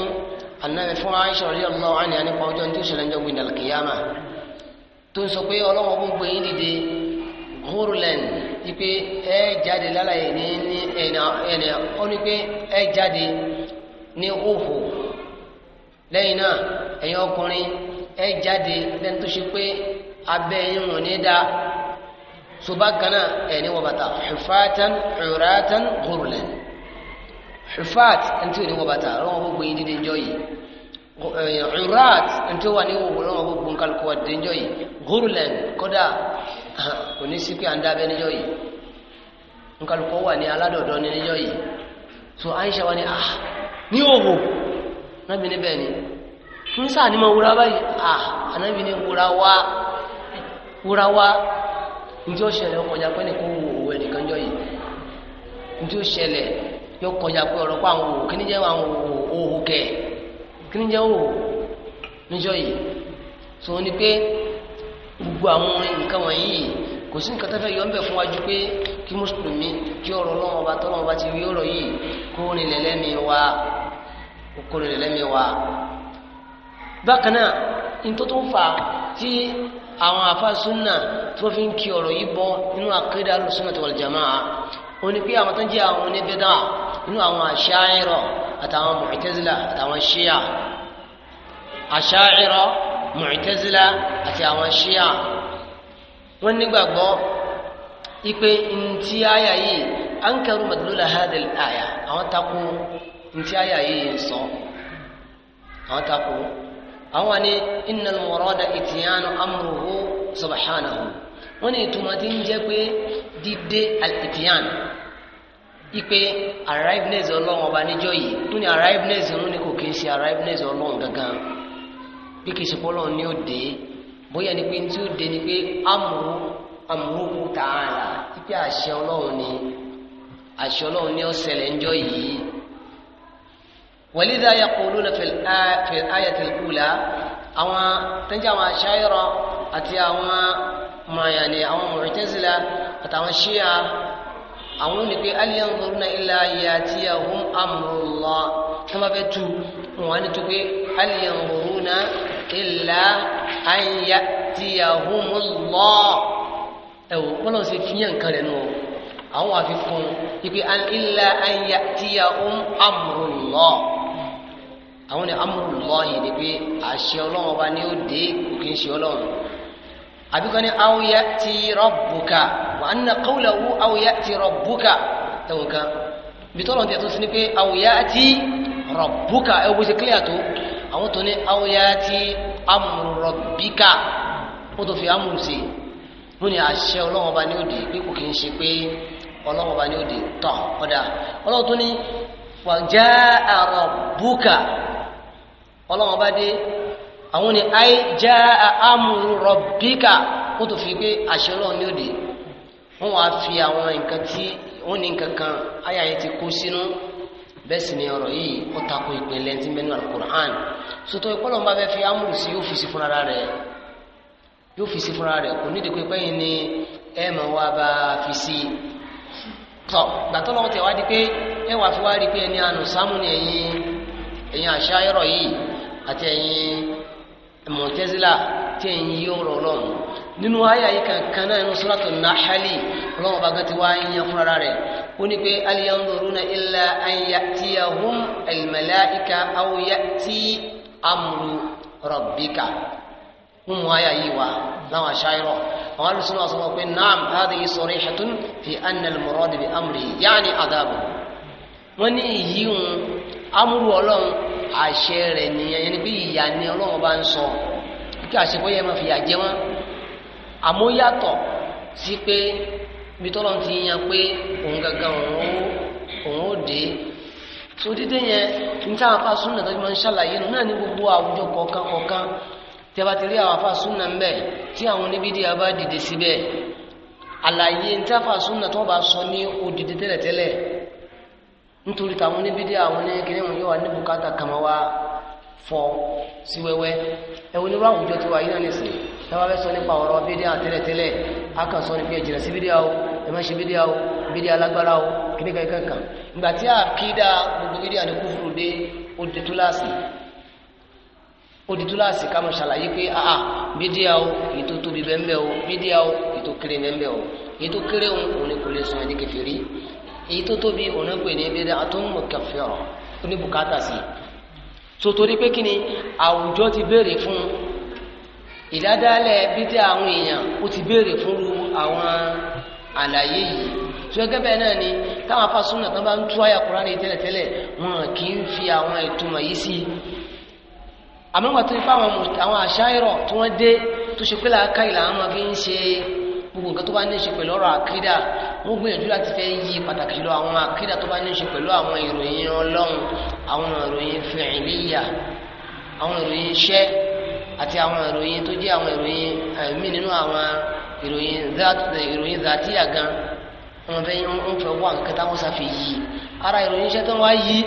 [SPEAKER 1] ànábì fún aisha radiyallahu anha nípa ọjọ́ tó ṣẹlẹ̀ ọjọ́ gbìyànjú alkiyama tó ń sọ pé ọlọ́wọ́ gbogbo yín dìde hurlan ipe ẹ jáde lálàyé ní ní ẹnì ọ ní pé ẹ jáde ní òhò lẹ́yìn náà ẹ̀yin ọkùnrin ẹ jáde lẹ́nu tó ṣe pé abẹ́ yín ní dá ṣùgbọ́n kan náà ẹ̀ ní wọ́n bàtà hufatan uratan hurlan hufat ẹni tí ò ní wọ bàtà ọlọ́wọ́n bó gbé dídé njọ́ yìí urat ẹni tí ó wà ní wọ ọlọ́wọ́n bó gbọ́n kálukú wà dídé njọ́ yìí gurulan kódà so Aisha wa ah ní òhò nábì níbẹ̀ ni fún sáà ní ma ah anábì ní wúra wá wúra wá ní tí ó ṣẹlẹ̀ ọkọ̀ ọjà yóò kọjá pé ọ̀rọ̀ pa àwọn òwò kíní jẹ́ àwọn òwò kẹ̀ kíní jẹ́ òwò níjọ́ yìí so ni pé gbogbo àwọn nǹkan wọ̀nyí kò sí nǹkan tó fẹ́ yọ ọ́ ń bẹ̀ fún wájú pé kí mùsùlùmí kí ọ̀rọ̀ ọlọ́run ọba tọ́lọ́run ọba ti rí ọ̀rọ̀ yìí kó rinlẹ̀ lẹ́mìí wa kó rinlẹ̀ lẹ́mìí wa. bákan náà nítorí tó ń fa tí àwọn afásúnà tó fi ń kí ọ̀rọ̀ yìí bọ́ nínú àkídà alùsùnà tó wal jamaa ó ní pé àwọn tó ń jẹ́ àwọn oníbẹ̀dá nínú àwọn àṣàìrọ̀ àtàwọn mọ̀tẹ́sílà àtàwọn ṣíà àṣàìrọ̀ mọ̀tẹ́sílà àti àwọn ṣíà wọ́n nígbàgbọ́ ipe ntí àyà yìí ankaru madlula hadil àyà àwọn tako ntí àyà yìí ń sọ àwọn tako àwọn ni innal murada ìtìyànú amruhu subhanahu wọ́n ní ìtumọ̀ tí ń jẹ́ pé dídé al-ìtìyànú ipe arriveness ọlọ́run ọba níjọ́ yìí tó ní arriveness ọlọ́run ní kò kí ń ṣe arriveness ọlọ́run gangan bí kì í ṣe pọ́lọ́ ní òde bóyá ni pé tí ó de ni pé amúrú amúrúkú tààlà ipe àṣẹ ọlọ́run ni àṣẹ ọlọ́run ní ọ̀sẹ̀lẹ̀ ńjọ́ yìí walidha yaquluna fil ayatil ula àwọn tẹ́jà àwọn aṣáyọ̀rọ̀ àti àwọn mọ̀ọ́yàn àwọn Mu'tazila àtàwọn ṣíà àwọn ò ní pé aliyah ń lọ́rùn náà ilà ayé àti ahun amúlọ́ tó máa fẹ́ tu wọn ni tó pé aliyah ń lọ́rùn náà ilà ayé àti ahun lọ́ ẹ̀wọ̀ wọn lọ́n ṣe fi yàn nǹkan rẹ̀ nù àwọn àfikún ipe ilà ayé àti ahun amúlọ́ àwọn ni amúlọ́ yìí ni pé àṣẹ ọlọ́run ọba ni ó dé kò kí ń ṣe ọlọ́run àbíkọ́ ní aw ya'ti rabbuka wa anna qawlahu aw ya'ti rabbuka ẹ̀wọ̀n kan bí tọ́lọ̀ tẹ̀ tó sí ni pé aw ya'ti rabbuka ẹ̀wọ̀n bó ṣe kílíà tó àwọn tó ní aw ya'ti amru rabbika ó tó fi amúrù sí mú ni àṣẹ ọlọ́wọ́n bá ní òde pé kò kí ń ṣe pé ọlọ́wọ́n ní òde tọ̀ ọ̀dà ọlọ́wọ́n tó ní wa jaa rabbuka ọlọ́wọ́n dé àwọn ni ayé jẹ́ amúrọ̀bíkà wọ́n tó fi pé àṣẹlọ ní òde wọ́n wá fi àwọn nǹkan tí ní kan ayé ti kó sínú bẹ sì ni ọ̀rọ̀ yìí ó tako ìpínlẹ̀ tí mẹ́nu alukur'an sotọ́ ń bá fi amúrù sí yóò fi sí fúnra rẹ̀ yóò fi sí fúnra kò nídìí pé pẹ́yìn ni ẹ mọ̀ wá bá fi sí i gbàtọ́ lọ́wọ́ tẹ̀ wá di pé ẹ wà fi wá rí pé ẹni ànú sámú ni mọ̀tẹ́sílà tí ń yí ọ̀rọ̀ ọlọ́run nínú ayé ayé kankan náà inú sọ́lọ́tò náhálì ọlọ́run ọba gan ti wá ń yan fúnra rẹ̀ ó ní pé al yanzuruna illa an ya'tiyahum al malaika aw ya'ti amru rabbika ń mú ayé ayé wa láwọn aṣáírọ̀ àwọn alùsùn náà sọ wọn pé naam hadhihi sarihatun fi anna al murada bi amri ya'ni adhabu wọn ní ìyí ń ọlọ́run àṣẹ rẹ̀ nìyẹn yẹn ni bí ìyá ni ọlọ́run bá ń sọ kí àṣepọ̀yẹ máa fìyà jẹ wọn àmọ́ yàtọ̀ sí pé bí ti yan pé òun gangan òun ó dé so dídé yẹn ní táwọn afá súnà tó ti máa ń ṣàlàyé nù náà ní gbogbo àwùjọ kọ̀ọ̀kan kọ̀ọ̀kan tí a bá ti rí àwọn afá súnà ń bẹ tí àwọn oníbídí a bá dìde síbẹ̀ àlàyé ní táwọn afá tó bá sọ ní odidi tẹ́lẹ̀tẹ́lẹ̀ nítorí tàwọn oníbídé àwọn oníkiri wọn yóò wà ní bùkátà kàmọ́ wá fọ sí wẹ́wẹ́ ẹ wo nírú àwùjọ tí wà yín náà nìsín ẹ wá fẹ́ sọ nípa ọ̀rọ̀ bídé àtẹ́lẹ̀tẹ́lẹ̀ a kàn sọ nípa ẹ̀jìnà sí bídé àwọ̀ ẹ má ṣe bídé àwọ̀ bídé alágbára àwọ̀ kíníkan kankan ìgbà tí a kí dá gbogbo bídé àní kúfùrù dé ó di túláàsì ó di túláàsì ká máa ṣàlàyé pé àà bídé àwọ̀ ètò tóbi bẹ́ẹ̀ mbẹ́ o bídé àwọ̀ ètò kéré bẹ́ẹ̀ mbẹ́ o ètò kéré èyí tó tóbi òun pè ní bid'atun mukaffira ó ní bùkátà sí so torí pé kí ni àwùjọ ti béèrè fún ìdádálẹ̀ bídí àwọn èèyàn ó ti béèrè fún àwọn àlàyé yìí ṣùgbọ́n bẹ́ẹ̀ náà ni táwọn afásúnà tán bá ń tú àyà Kùránì tẹ́lẹ̀tẹ́lẹ̀ wọn kì í fi àwọn ìtumọ̀ yìí sí àmọ́ wọn tó ní fáwọn àṣà ìrọ̀ tí wọ́n dé tó ṣe pé làákàyè làwọn fi ń ṣe gbogbo nǹkan tó bá ní í ṣe pẹ̀lú ọ̀rọ̀ àkídà wọ́n gbìyànjú láti fẹ́ yí pàtàkì jùlọ àwọn àkídà tó bá ní í ṣe pẹ̀lú àwọn ìròyìn ọlọ́run àwọn ìròyìn fìrìlíyà àwọn ìròyìn iṣẹ́ àti àwọn ìròyìn tó jẹ́ àwọn ìròyìn ẹ̀mí eh, nínú àwọn ìròyìn eh, zàtíyà gan wọn fẹ́ ń fẹ́ wá nǹkan táwọn sáfẹ́ yí ara ìròyìn iṣẹ́ tó wá yí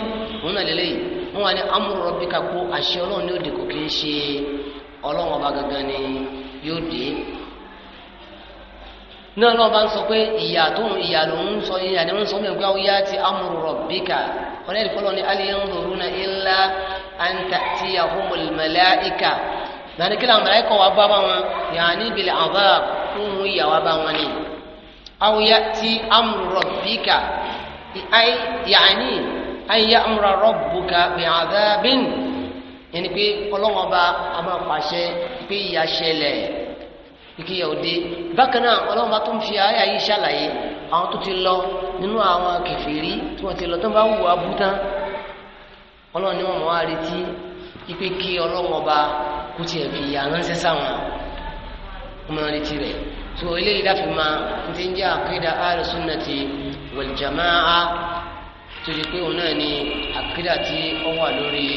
[SPEAKER 1] òun náà lélẹ́yìí wọ́n wá ní amúrò rọ́bì kakó àṣẹ náà lọ́wọ́ bá ń sọ pé ìyà tó ń ìyà ló ń sọ ìyà ló ń sọ mẹ́rin pé àwòyá ti amru rabbika ọ̀rẹ́ ìfọlọ́ ni hal yanzuruna illa an ta'tiyahumul malaika gbani kí làwọn màláíkà wà bá bá wọn yàní bil azab fún un ìyà bá wọn ni àwòyá ti amru rabbika yàní an ya'mura rabbuka bi azabin ẹni pé ọlọ́wọ́n bá a máa pàṣẹ pé ìyà ṣẹlẹ̀ ìkíyà òde bákan náà ọlọ́run bá tún fi ayé ayé ṣàlàyé àwọn tó ti lọ nínú àwọn kẹfìrí tí wọ́n ti lọ tó ń bá wù abú tán ọlọ́run ni wọ́n mọ̀ wá retí ipe kí ọlọ́run ọba kó tiẹ̀ fi àránṣẹ́ sáwọn ọmọ retí rẹ̀ tó eléyìí láfi máa ń ti ń jẹ́ àkídà ahlus sunnati wal jamaa tó di pé òun náà ni àkídà tí ó wà lórí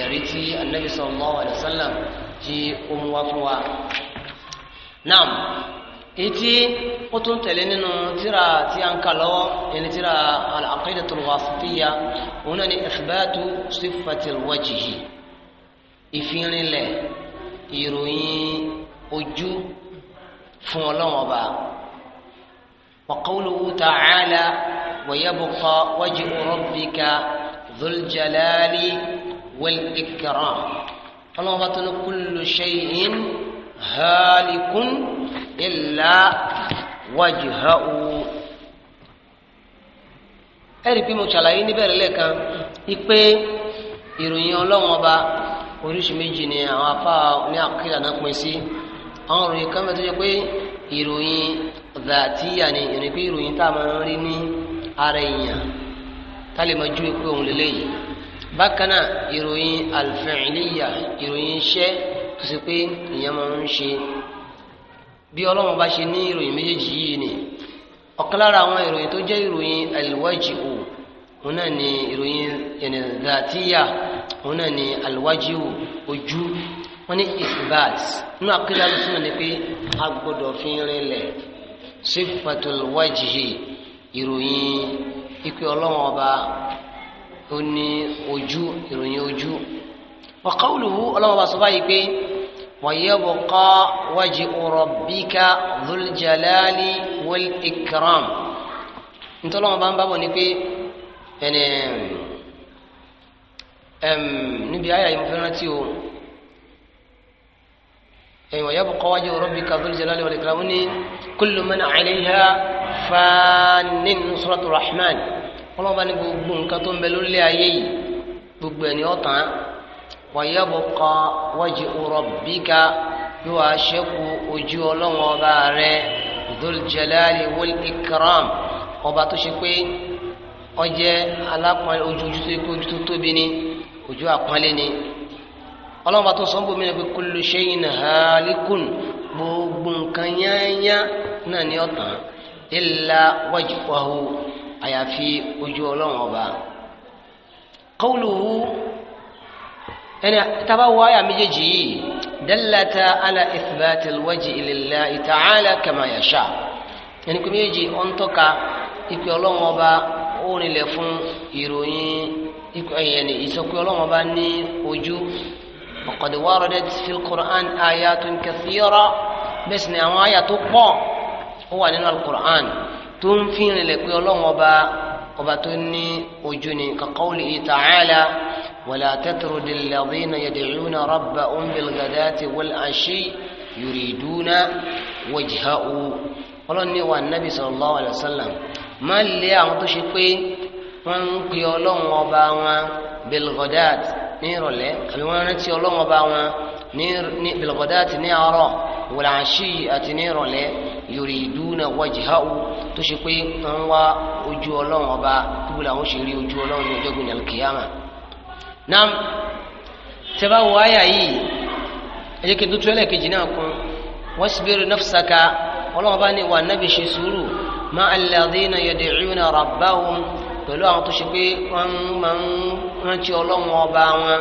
[SPEAKER 1] ẹ̀rí tí anabi sallallahu alaihi wasallam tí ó mú wá fún wa naam ètí ó tún tẹ̀lé nínú tíra tí a ń kà lọ́wọ́ ẹni tíra al-aqidatul wasitiyya òun náà ni ithbatu sifatil wajhi ìfirinlẹ̀ ìròyìn ojú fún ọlọ́wọ́n ọba wa qawluhu ta'ala wa yabqa wajhu rabbika dhul jalali wal ikram ọlọ́wọ́n shay'in. هالك إلا وجهه ẹ̀rí bí mo ṣàlàyé níbẹ̀rẹ̀ lẹ́ẹ̀kan ipe ìròyìn ọlọ́run ọba oríṣi méjì ni àwọn afá ní àkílà náà pín sí àwọn ìròyìn kan mẹ́tọ́ jẹ́ pé ìròyìn zàtíyà ni ìròyìn pé ìròyìn tá a máa ń rí ní ara èèyàn tá lè máa ju ipò òun lélẹ́yìí bákan náà ìròyìn ìròyìn tó ṣe pé èèyàn máa ń ṣe bí ọlọ́run bá ṣe ní ìròyìn méjèèjì yìí ni ọ̀kan lára àwọn ìròyìn tó jẹ́ ìròyìn alwajihu òun náà ni ìròyìn yẹn dhatiya òun náà ni alwajihu ojú wọn ní isbat inú akéwà ló túmọ̀ ní pé a gbọ́dọ̀ fi rinlẹ̀ sifatul wajhi ìròyìn ìpè ọlọ́run ọba ó ní ojú ìròyìn ojú wa qawluhu ọlọ́run ọba sọ báyìí pé. ويبقى وجه ربك ذو الجلال والإكرام انت لو بان بابو نيبي يعني ام نبي آية مفرنتي أيوة يبقى وجه ربك ذو الجلال والإكرام كل من عليها فان نصرة الرحمن الله بان بوبون كتوم بلولي أيي بوبون يوطان ويبقى وجه ربك yóò wá ṣẹ́kù ojú ọlọ́wọ́n ọba rẹ Dhul-Jalali wal-Ikram ọba tó ṣe pé ọjẹ́ alápọ̀n ojú ojú tó ikú ojú tó tóbi ni ojú àpọ́nlé ni ọlọ́wọ́n tó sọ ń náà pé kullu shay'in halikun gbogbo nǹkan yányá náà ní ọ̀tàn illa wajhahu àyàfi ojú ọlọ́wọ́n ọba qawluhu ẹni taba wáyà méjèèjì yìí dallata ala ithbati alwaji lillahi ta'ala kama yasha ẹni kò méjèèjì ọ̀n tọ́ka ìpè ọlọ́wọ́n ọba ó rinlẹ̀ fún ìròyìn ẹ̀yẹn ìsọkú ọlọ́wọ́n ọba ní ojú qad waradat fil qur'an ayatun kathira bẹ́ẹ̀ sì ni àwọn àyà tó pọ̀ ó wà nínú alukur'an tó ń fi rinlẹ̀ pé ọlọ́wọ́n ọba ọba tó ní ojú ni ka qawlihi ولا تطرد الذين يدعون ربهم بالغداة والعشي يريدون وجهه ọlọ́run ní wa nabi sallallahu alayhi wa sallam máa lé àwọn tó ṣe pé wọ́n ń pe ọlọ́run ọba wọn bilgodat ní ìrọ̀lẹ́ àbí wọ́n rántí ọlọ́run ọba wọn ní bilgodat ní àárọ̀ wùlànṣí àti ní ìrọ̀lẹ́ yuriduna wajhahu tó ṣe pé wọ́n wá ojú ọlọ́run ọba kíbi làwọn ṣe rí ojú ọlọ́run ní ọjọ́ gbìyànjú kìyàmà. nam tẹ́bá wọ àyà yìí ẹ̀jẹ̀ kí n tuntun ẹlẹ́ẹ̀kejì náà kún wasbir nafsaka ọlọ́wọ́n bá ní wà nábì ṣe sùúrù ma'al ladhina yad'una rabbahum pẹ̀lú àwọn tó ṣe pé wọ́n máa ń rántí ọlọ́wọ́n ọba wọn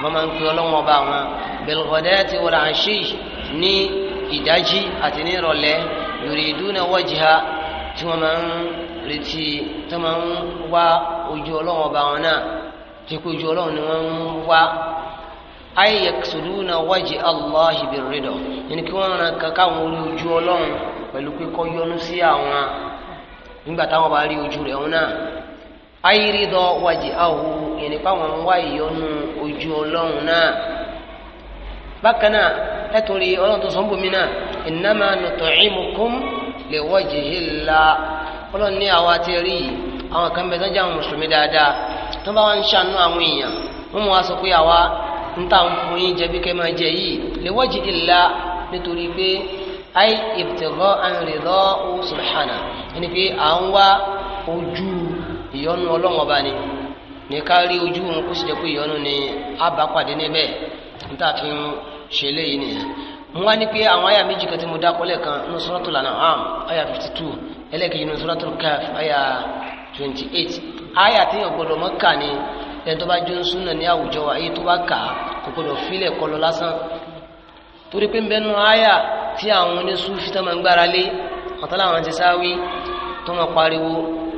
[SPEAKER 1] wọ́n máa ń pe ọlọ́wọ́n ọba wọn bil ghadati wal ashi ní ìdájí àti ní ìrọ̀lẹ́ yuriduna wajha tí wọ́n máa ń retí tó máa ń wá ojú ọlọ́wọ́n ọba wọn náà tí kò ju ni wọ́n ń wá ay yaksuluna wajhi allahi birrido yẹn kí wọ́n ran kankan àwọn orí ojú ọlọ́run pẹ̀lú pé kọ́ sí àwọn nígbà táwọn bá rí ojú rẹ̀ wọn náà ay ahu yẹn nípa wọn wá ìyọ́nú ojú ọlọ́run náà bákan náà látòrí ọlọ́run tó sọ ń innama nut'imukum liwajhi llah ọlọ́run ní àwa ti rí yìí àwọn kan bẹ̀rẹ̀ jẹ́ àwọn mùsùlùmí dáadáa tó bá wọn ń ṣàánú àwọn èèyàn wọn mú wa sọ pé àwa ń ta ń yín jẹ bí kẹ́ jẹ yìí lè wọ́jì ìlà nítorí pé ai ìbùtẹ̀gọ́ ẹni pé à ń wá ojú ìyọnu ọlọ́wọ́n bá ní ká rí ojú kó a bá pàdé níbẹ̀ twenty eight àyà téèyàn gbọ́dọ̀ mọ́ kà ní ẹni tó bá jó ń súnà ní àwùjọ wa èyí tó bá kà á kò gbọ́dọ̀ fílẹ̀ kọlọ lásán torí pé nbẹ́nu àyà tí àwọn oníṣúfì tó máa ń gbára lé ọ̀tọ́lá àwọn ti sáwí tó máa pariwo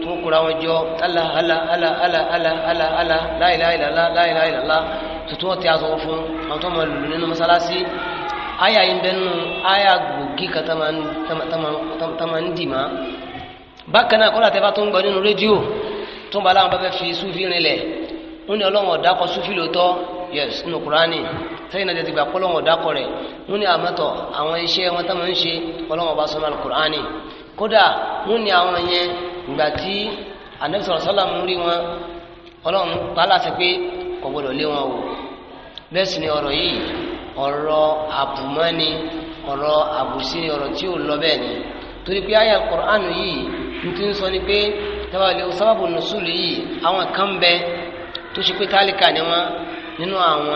[SPEAKER 1] tó ń kóra wọn jọ ala ala ala ala ala ala ala láìláìlá láìláìlá tuntun ọ̀tí aṣọ fún àwọn tó máa lùlù nínú mọ́sálásí àyà yìí nbẹ́nu àyà gbòógì kan tó máa ń dì máa bákan náà kọ́lá tẹ́fà tó ń gbọ́ nínú rédíò tó ń bá láwọn bá fi súfì rinlẹ̀ wọ́n ní ọlọ́wọ́n ọ̀dàkọ súfì lóòótọ́ yes nínú kúránì sẹ́yìn náà tẹ̀sí gbà pé ọlọ́wọ́n ọ̀dàkọ rẹ̀ wọ́n ní àmọ́tọ̀ àwọn iṣẹ́ wọn táwọn ń ṣe ọlọ́wọ́n ọba sọ́nà kúránì kódà wọ́n ní àwọn yẹn ìgbà tí anabi sọ̀rọ̀ pé kò gbọdọ̀ lé ni ọ̀rọ̀ yìí ọ̀rọ̀ àbùmọ́ni ọ̀rọ̀ àbùsí ni ọ̀rọ̀ tí ò lọ yìí ntí ń sọ ni pé tẹ́wàlẹ́ sábàbù nùsùlù yìí àwọn kan bẹ tó ṣe pé tálíkà ni wọ́n nínú àwọn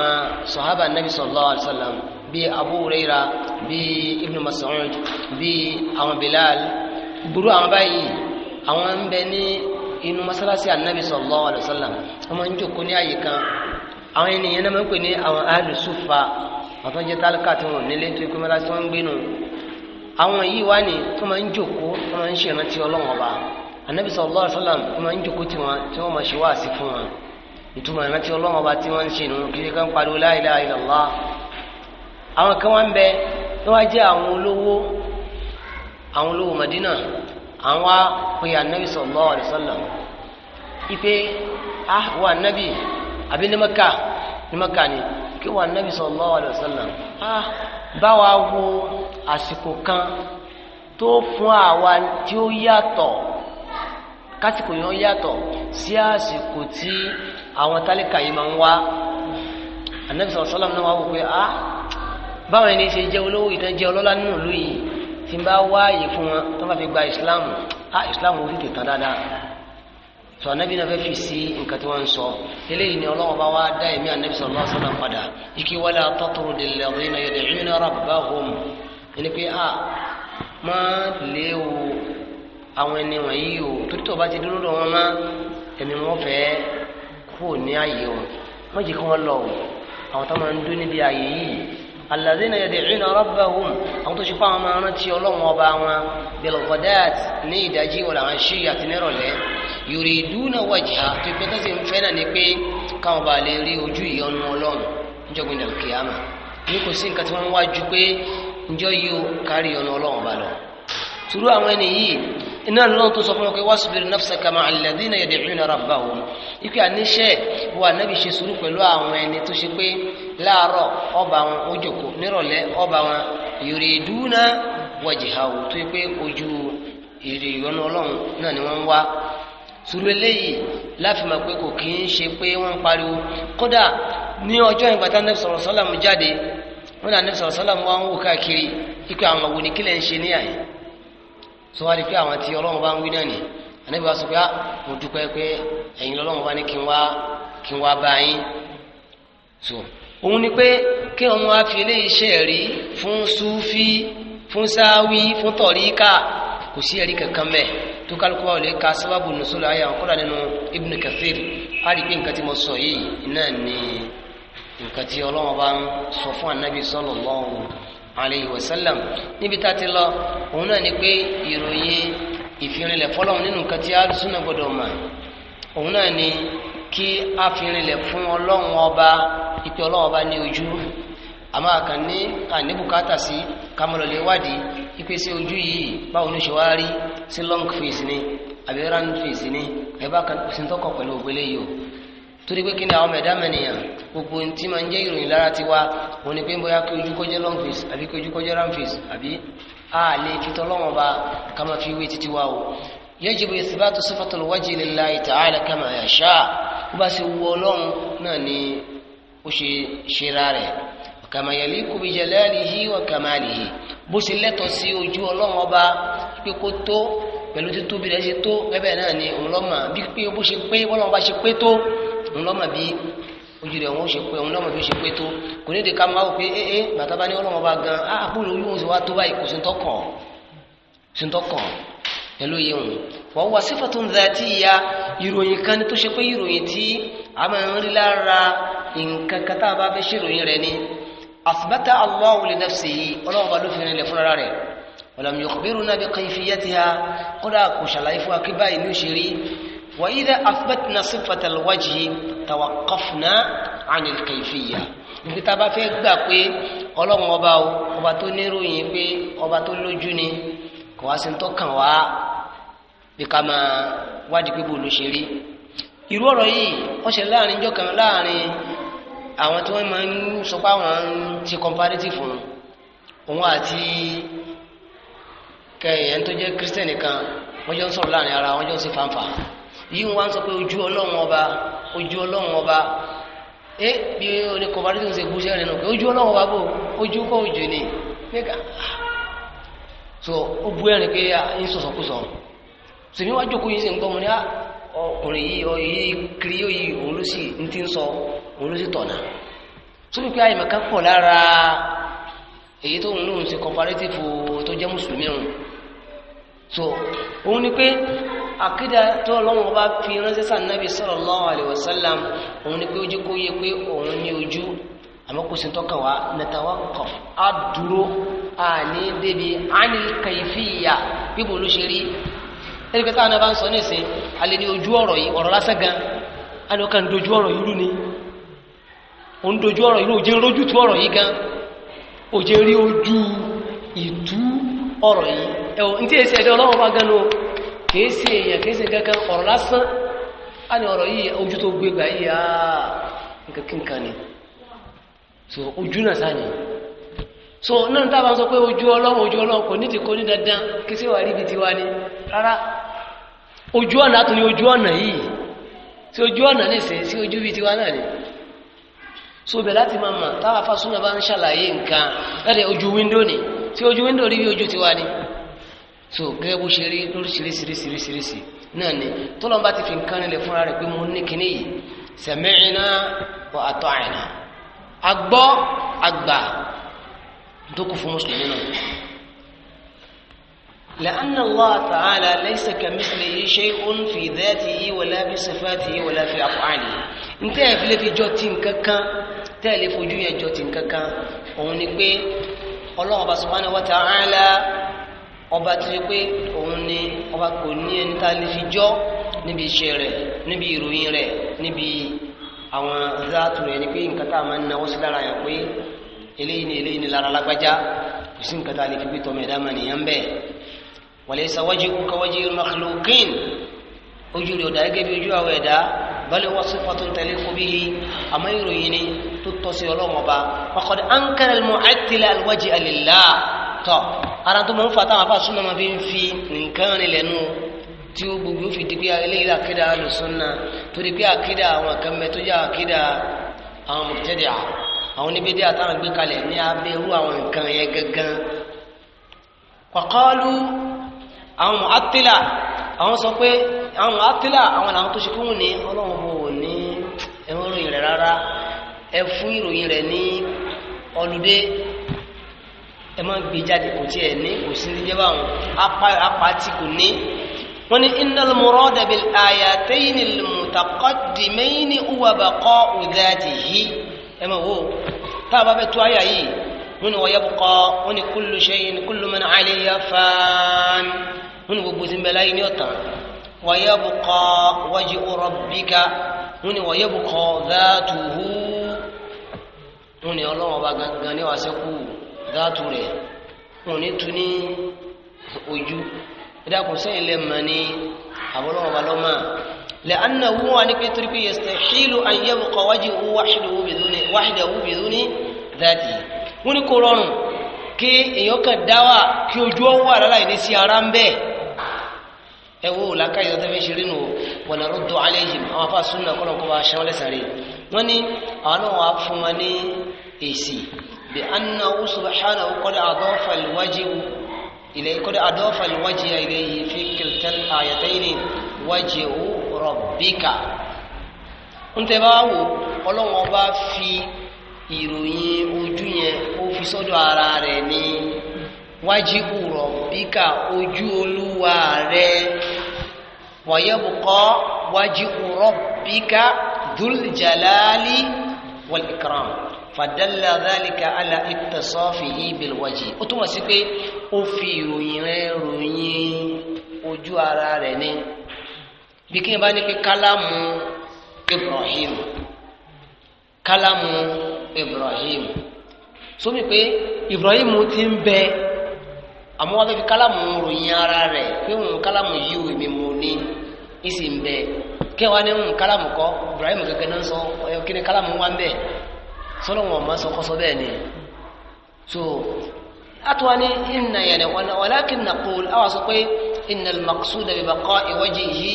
[SPEAKER 1] sọ̀hábà nàbì sallallahu alaihi bíi abu huraira bíi ibn Mas'oud, bíi àwọn bilal burú àwọn báyìí àwọn ń bẹ ní inú masalasi anabi sallallahu alaihi wasallam ọmọ ń jòkó ní àyè kan àwọn ènìyàn náà máa ń pè ní àwọn alùsùfà àwọn tálíkà tí wọn ò nílé tó ikú mọ́lá tí wọ́n ń gbénu àwọn yìí wá ní tó máa ń jòkó tó máa ń ṣèrántí ọlọ́run ọba anabi sallallahu alaihi wasallam tó máa ń jòkó tí wọn tí wọn máa ṣe wáàsí fún wọn ìtumọ̀ ìrántí ọlọ́run ọba tí wọ́n ń ṣe nù kí ṣe pariwo la ilaha àwọn kan wá ń bẹ tó wá jẹ́ àwọn olówó àwọn olówó Madina àwọn á pe anabi sallallahu alaihi wasallam ipe ah wa anabi àbí ní Maka ní Maka ni kí wa anabi sallallahu alaihi wasallam ah bá wa wo àsìkò kan tó fún àwa tí ó yàtọ̀ kásìkò yẹn yàtọ̀ sí àsìkò tí àwọn tálíkà yìí máa ń wá anabi sọ̀rọ̀ sọ́lá náà wà wò pé ah báwọn ẹni ṣe jẹ́ olówó ìtàn jẹ́ ọlọ́lá nínú ìlú yìí tí bá wá ààyè fún wọn tó bá fi gba ìsìláàmù ah ìsìláàmù ó sì tètè tán dáadáa sọ anabi náà fẹ́ fi sí nǹkan tí wọ́n ń sọ eléyìí ni ọlọ́wọ́ bá wá dá ẹ̀mí anabi sọ̀rọ̀ lọ́wọ́ sọ́nà padà ike wala tatrudil ladhina yad'una rabbahum ẹni pé a ah, máa lé o àwọn ẹni wọ̀nyí o torí tó bá ti dúró lọ wọn má ẹ̀mí wọn fẹ́ kú ní ààyè o wọ́n jẹ́ kí wọ́n lọ o àwọn táwọn ń dún níbi ààyè yìí alladhina yad'una rabbahum àwọn tó ṣe fáwọn máa rántí ọlọ́wọ́n ọba wọn bil yuriduna wajha tó pé tó sì ń fẹ́ náà ni pé káwọn bá lè rí ojú ìyọnu ọlọ́run níjọ́gbìn dàlùkìyàmà ní kò sí nǹkan tí wọ́n ń wájú pé njọ́ yìí kárí ìyọnu ọlọ́run bá lọ. tùrú àwọn ẹni yìí iná lọ́n tó sọ fún wọn pé wasbir nafsaka àníṣe wa nábì ṣe sùúrù pẹ̀lú àwọn ẹni tó ṣe pé láàárọ̀ ọba wọn ó jòkó nírọ̀lẹ́ ọba wọn tó yẹ pé ojú ọlọ́run náà ni wọ́n ń wá sùrù eléyìí láfi mọ̀ pé kò kí ń ṣe pé wọ́n ń pariwo kódà ní ọjọ́ ìgbà tá nẹ́bí sọ̀rọ̀ sọ́làmù jáde wọ́n náà nẹ́bí sọ̀rọ̀ sọ́làmù wá ń wò káàkiri ikú àwọn òwò ní kílẹ̀ ń ṣe níyàá yìí sọ wá di pé àwọn tí ọlọ́run bá ń wí náà ni ànábì wa sọ pé ah, mo dúpẹ́ pé ẹ̀yin lọ́lọ́run bá ní kí n wá kí n wá bá yín so òun ni pé kí ọmọ wa fi eléyìí ṣe ẹ̀rí fún súfí fún sáwí fún tọ̀ríkà kò sí ẹ̀rí kankan mẹ́ẹ̀ tó kálukú báwo lè ka sábàbù nùsùlù ayé àwọn kọ́ra nínú Ibn Kathir á rí pé nǹkan tí mo sọ yìí náà ni nǹkan tí Ọlọ́run bá ń sọ fún Ànábì sallallahu alayhi wa sallam níbi tá a ti lọ òun náà ni pé ìròyìn ìfirinlẹ̀ fọlọ́run nínú nǹkan tí alùsùnà gbọ́dọ̀ mọ̀ òun náà ni kí afirinlẹ̀ fún Ọlọ́run ọba ìpè Ọlọ́run ọba ní ojú àmọ́ àkàn ní àníbùkátà sí kamọlọlẹ wádìí ipe sí ojú yìí báwo ló sí long face ni àbí round face ni àyíbá kan kò sí ń tọkọ pẹ̀lú ògbélé yìí o torí pé kí ni àwọn ẹ̀dá mẹ́nìyàn gbogbo tí máa ń jẹ́ ìròyìn lára ti wá òun pé bóyá kí ojú kó long face àbí kí ojú kó round face àbí a lè fi tọ́lọ́wọ́n ba ká máa fi wé títí wá o yajibu ithbatu sifatul wajhi lillahi ta'ala kama yasha bó bá ṣe wù ọlọ́run náà ni ṣe ṣe ra kama yaliku bi jalalihi wa kamalihi bó ṣe lẹ́tọ̀ sí ojú ọlọ́run ọba pé kó tó pẹ̀lú títóbi rẹ̀ ṣe tó ẹbẹ̀ náà ni òun lọ́mà bí pé bó ṣe pé bọ́lọ́run bá ṣe pé tó òun lọ́mà bí ojú rẹ̀ òun ṣe pé òun lọ́mà bí ó ṣe pé tó kò ní ìdíkà máa wò pé ee eh, ee eh, bàtà bá ní ọlọ́run gan á àpòlò ojú òun sì tó báyìí kò sí tọkàn pẹ̀lú iye òun wọ́n wá sifatun dhatiya ìròyìn kan tó ṣe pé ìròyìn tí a máa ń rí lára nǹkan kan tá a bá fẹ́ ṣèròyìn rẹ̀ ni أثبت الله لنفسه ولو غلوفنا لفرارة ولم يخبرنا بقيفيتها قل كشلايف وكباي نشري وإذا أثبتنا صفة الوجه توقفنا عن الكيفية ibi tá a bá fẹ́ gbà pé ọlọ́run ọba o ọba tó níròyìn pé ọba tó lójú ni kò wá sí ń tọ́kàn wá bí ká máa wádìí pé bò ló ṣe rí irú ọ̀rọ̀ yìí wọ́n láàrin jọ́kan láàrin àwọn tí wọ́n máa ń sọ pé àwọn ń ti comparative fún un òun àti kẹyìn tó jẹ́ christian kan wọ́n jọ ń sọ̀rọ̀ láàrin ara wọ́n jọ ń ṣe fanfa yìí wọ́n sọ pé ojú ọlọ́run ọba ojú ọlọ́run ọba ẹ bí oní comparative ṣe bú sẹ́rin náà ojú ọlọ́run ọba bò ojú kọ́ ojú ni nígbà so ó bú ẹ̀rín pé ń ah, sọ̀sọ̀kúsọ̀ sèmi wájú kó yín sì ń gbọ́ mo ní ah, ọkùnrin yìí ọ yìí kiri yóò òun ló sì ń ti ń sọ òun ló sì tọ̀nà sórí pé àyè màkà pọ̀ lára èyí tó ń lóun ṣe comparative tó jẹ́ mùsùlùmí rùn so òun ni pé àkídà tó Ọlọ́hun bá fi ránṣẹ́ sí Ànábì sallallahu alaihi wasallam òun ni pé ojú kó yẹ pé òun ní ojú àmọ́ tọ́ka wa natawaqqaf á dúró à ní débi anil kayfiyya bíbo ló ṣe rí ẹni pé táwọn náà bá ń sọ ní ìsìn alẹ́ ní ojú ọ̀rọ̀ yìí ọ̀rọ̀ lásán gan á ní ọkàn dojú ọ̀rọ̀ yìí lú ni òun dojú ọ̀rọ̀ yìí òjé rójú tú ọ̀rọ̀ yìí gan òjé rí ojú ìtú ọ̀rọ̀ yìí ẹ̀wọ̀ ní tí èsì ẹ̀dẹ́ ọlọ́run bá gan ló kìí sí èèyàn kìí sí kankan ọ̀rọ̀ lásán á ní ọ̀rọ̀ yìí ojú tó gbé gbà yìí áá ah, nǹkan kínkan ni so ojú náà sáyẹn so náà tá a bá ń sọ pé ojú ọlọ́run ojú ọlọ́run kò ní ti sí ni rárá ojú ọ̀nà àtúnyẹ tiwa náà ni so bẹ̀ láti máa mà táwọn afásúnà bá ń ṣàlàyé nǹkan ẹ̀rẹ̀ ojú wíńdò ni tí ojú wíńdò rí bí ojú tiwa ni so gẹ́gẹ́ bó ṣe rí lóríṣiríṣiríṣiríṣi náà ni tọ́lọ́n bá ti fi nǹkan nílẹ̀ fúnra rẹ̀ pé mo ní kinní yìí sami'na wa ata'na agbọ́ àgbà tó kù fún mùsùlùmí náà لأن الله تعالى ليس كمثله شيء في ذاته ولا في صفاته ولا في أفعاله انتهى في التي جوتين ككا tẹ́ẹ̀lé fojú yẹn jọ ti nkankan òun ni pé ọlọ́run ọba subhanahu wa ta'ala ọba tó ṣe pé òun ni ọba kò ní ẹni tá a lè fi jọ́ níbi iṣẹ́ rẹ̀ níbi ìròyìn rẹ̀ níbi àwọn záàtù rẹ̀ ni pé nǹkan tá a máa ń náwó sí lára yẹn pé eléyìí ni eléyìí ni lára lágbájá kò sí nǹkan tá a lè fi gbé tọmọ ẹ̀dá nìyẹn bẹ́ẹ̀ walaysa wajhuka wajhil makhluqin ojú rẹ̀ ọ̀dà gẹ́gẹ́ bí ojú àwọn ẹ̀dá bal huwa sifatun taliqu bihi àmọ́ ìròyìn ni tó tọ́sí ọlọ́run ọba ọkọ̀dé ankara al-mu'attila al-waji'a lillah tọ́ ara tó mọ̀ ń fata àwọn afáàsúnà máa fi ń fi nǹkan rìn lẹ́nu tí ó gbogbo fi di pé eléyìí àkídà alùsùnà tó di pé àkídà àwọn kan mẹ́ tó yá àkídà àwọn mọ̀tẹ́dẹ̀ àwọn oníbèdè àtàwọn gbé kalẹ̀ ní abẹ́rú àwọn nǹkan yẹn gangan kọ̀kọ́lù àwọn mu'attila àwọn sọ pé àwọn mu'attila àwọn làwọn tó ṣe kí wọ́n ọlọ́run bò ní ẹ̀wọ̀n ròyìn rárá ẹ fún ìròyìn rẹ̀ ní ọlùdé ẹ máa gbé jáde kò tí ẹ ní kò sí ní jẹ́ báwọn apá tí kò ní. wọ́n ní innal murada bil ayatayn al mutaqaddimayn huwa baqa'u dhatihi ẹ máa wò tá a bá fẹ́ tó àyà yìí wọ́n ní wa yabqa wọ́n ní kullu shay'in kullu man 'alayha fan wọ́n ní gbogbo sí mbẹ́lá yìí ní ọ̀tàn wa yabqa wajhu rabbika wọ́n ní wa yabqa dhatuhu wọn ni ọlọ́wọ́n bá gangan ní wàásù kú dáàtú rẹ̀ wọn ni tu ní ojú ìdákun sẹ́yìn lẹ́mọ̀ ní àbọ̀lọ́wọ́n bá lọ́mọ. لأنه هو نكترك يستحيل أن يبقى وجهه وحده بدون وحده بدون ذاته wọn ni kò rọrùn kí èèyàn kan dá wà kí ojú ọwọ́ àláláì ní sí ara ń bẹ́ẹ̀ ẹ wo làákàyè tó fẹ́ ṣe rí nù wọ̀nà rọ́dọ̀ aléyìn àwọn afáàsúnà kọ́lọ́kọ́ bá aṣọ lẹ́sàrẹ́ wọ́n ni àwọn náà wà fún wọn ní èsì bí annahu subhanahu qad adafa al-wajhu ilayhi qad adafa al-wajha ilayhi fi kilta al-ayatayni wajhu rabbika bá wò bá fi ìròyìn ojú yẹn ó fi sọ́dọ̀ ara rẹ̀ ní wájíbù rọ̀bíkà ojú olúwa rẹ̀ ذو الجلال والإكرام فدل ذلك على اتصافه بالوجه ó túmọ̀ sí pé ó fi ìròyìn rẹ̀ ròyìn ojú ara rẹ̀ ni bí kí n bá ní pé kálámù Ibrahim kálámù Ibrahim sómi pé Ibrahim ti ń bẹ àmọ́ wọ́n fi kálámù ròyìn ara rẹ̀ pé òun kálámù yìí ò èmi mò ní ìsìn bẹ́ẹ̀ kí wọn ní ń kálàmù kọ Ibrahim gẹ́gẹ́ náà sọ ọyọ kí ni kálàmù wá ń bẹ sọlọ ma sọ kọsọ bẹ́ẹ̀ ni so atuwa ni inna yẹnẹ walakin naqul awa sọ pé inna al-maqsuda bi baqa'i wajhihi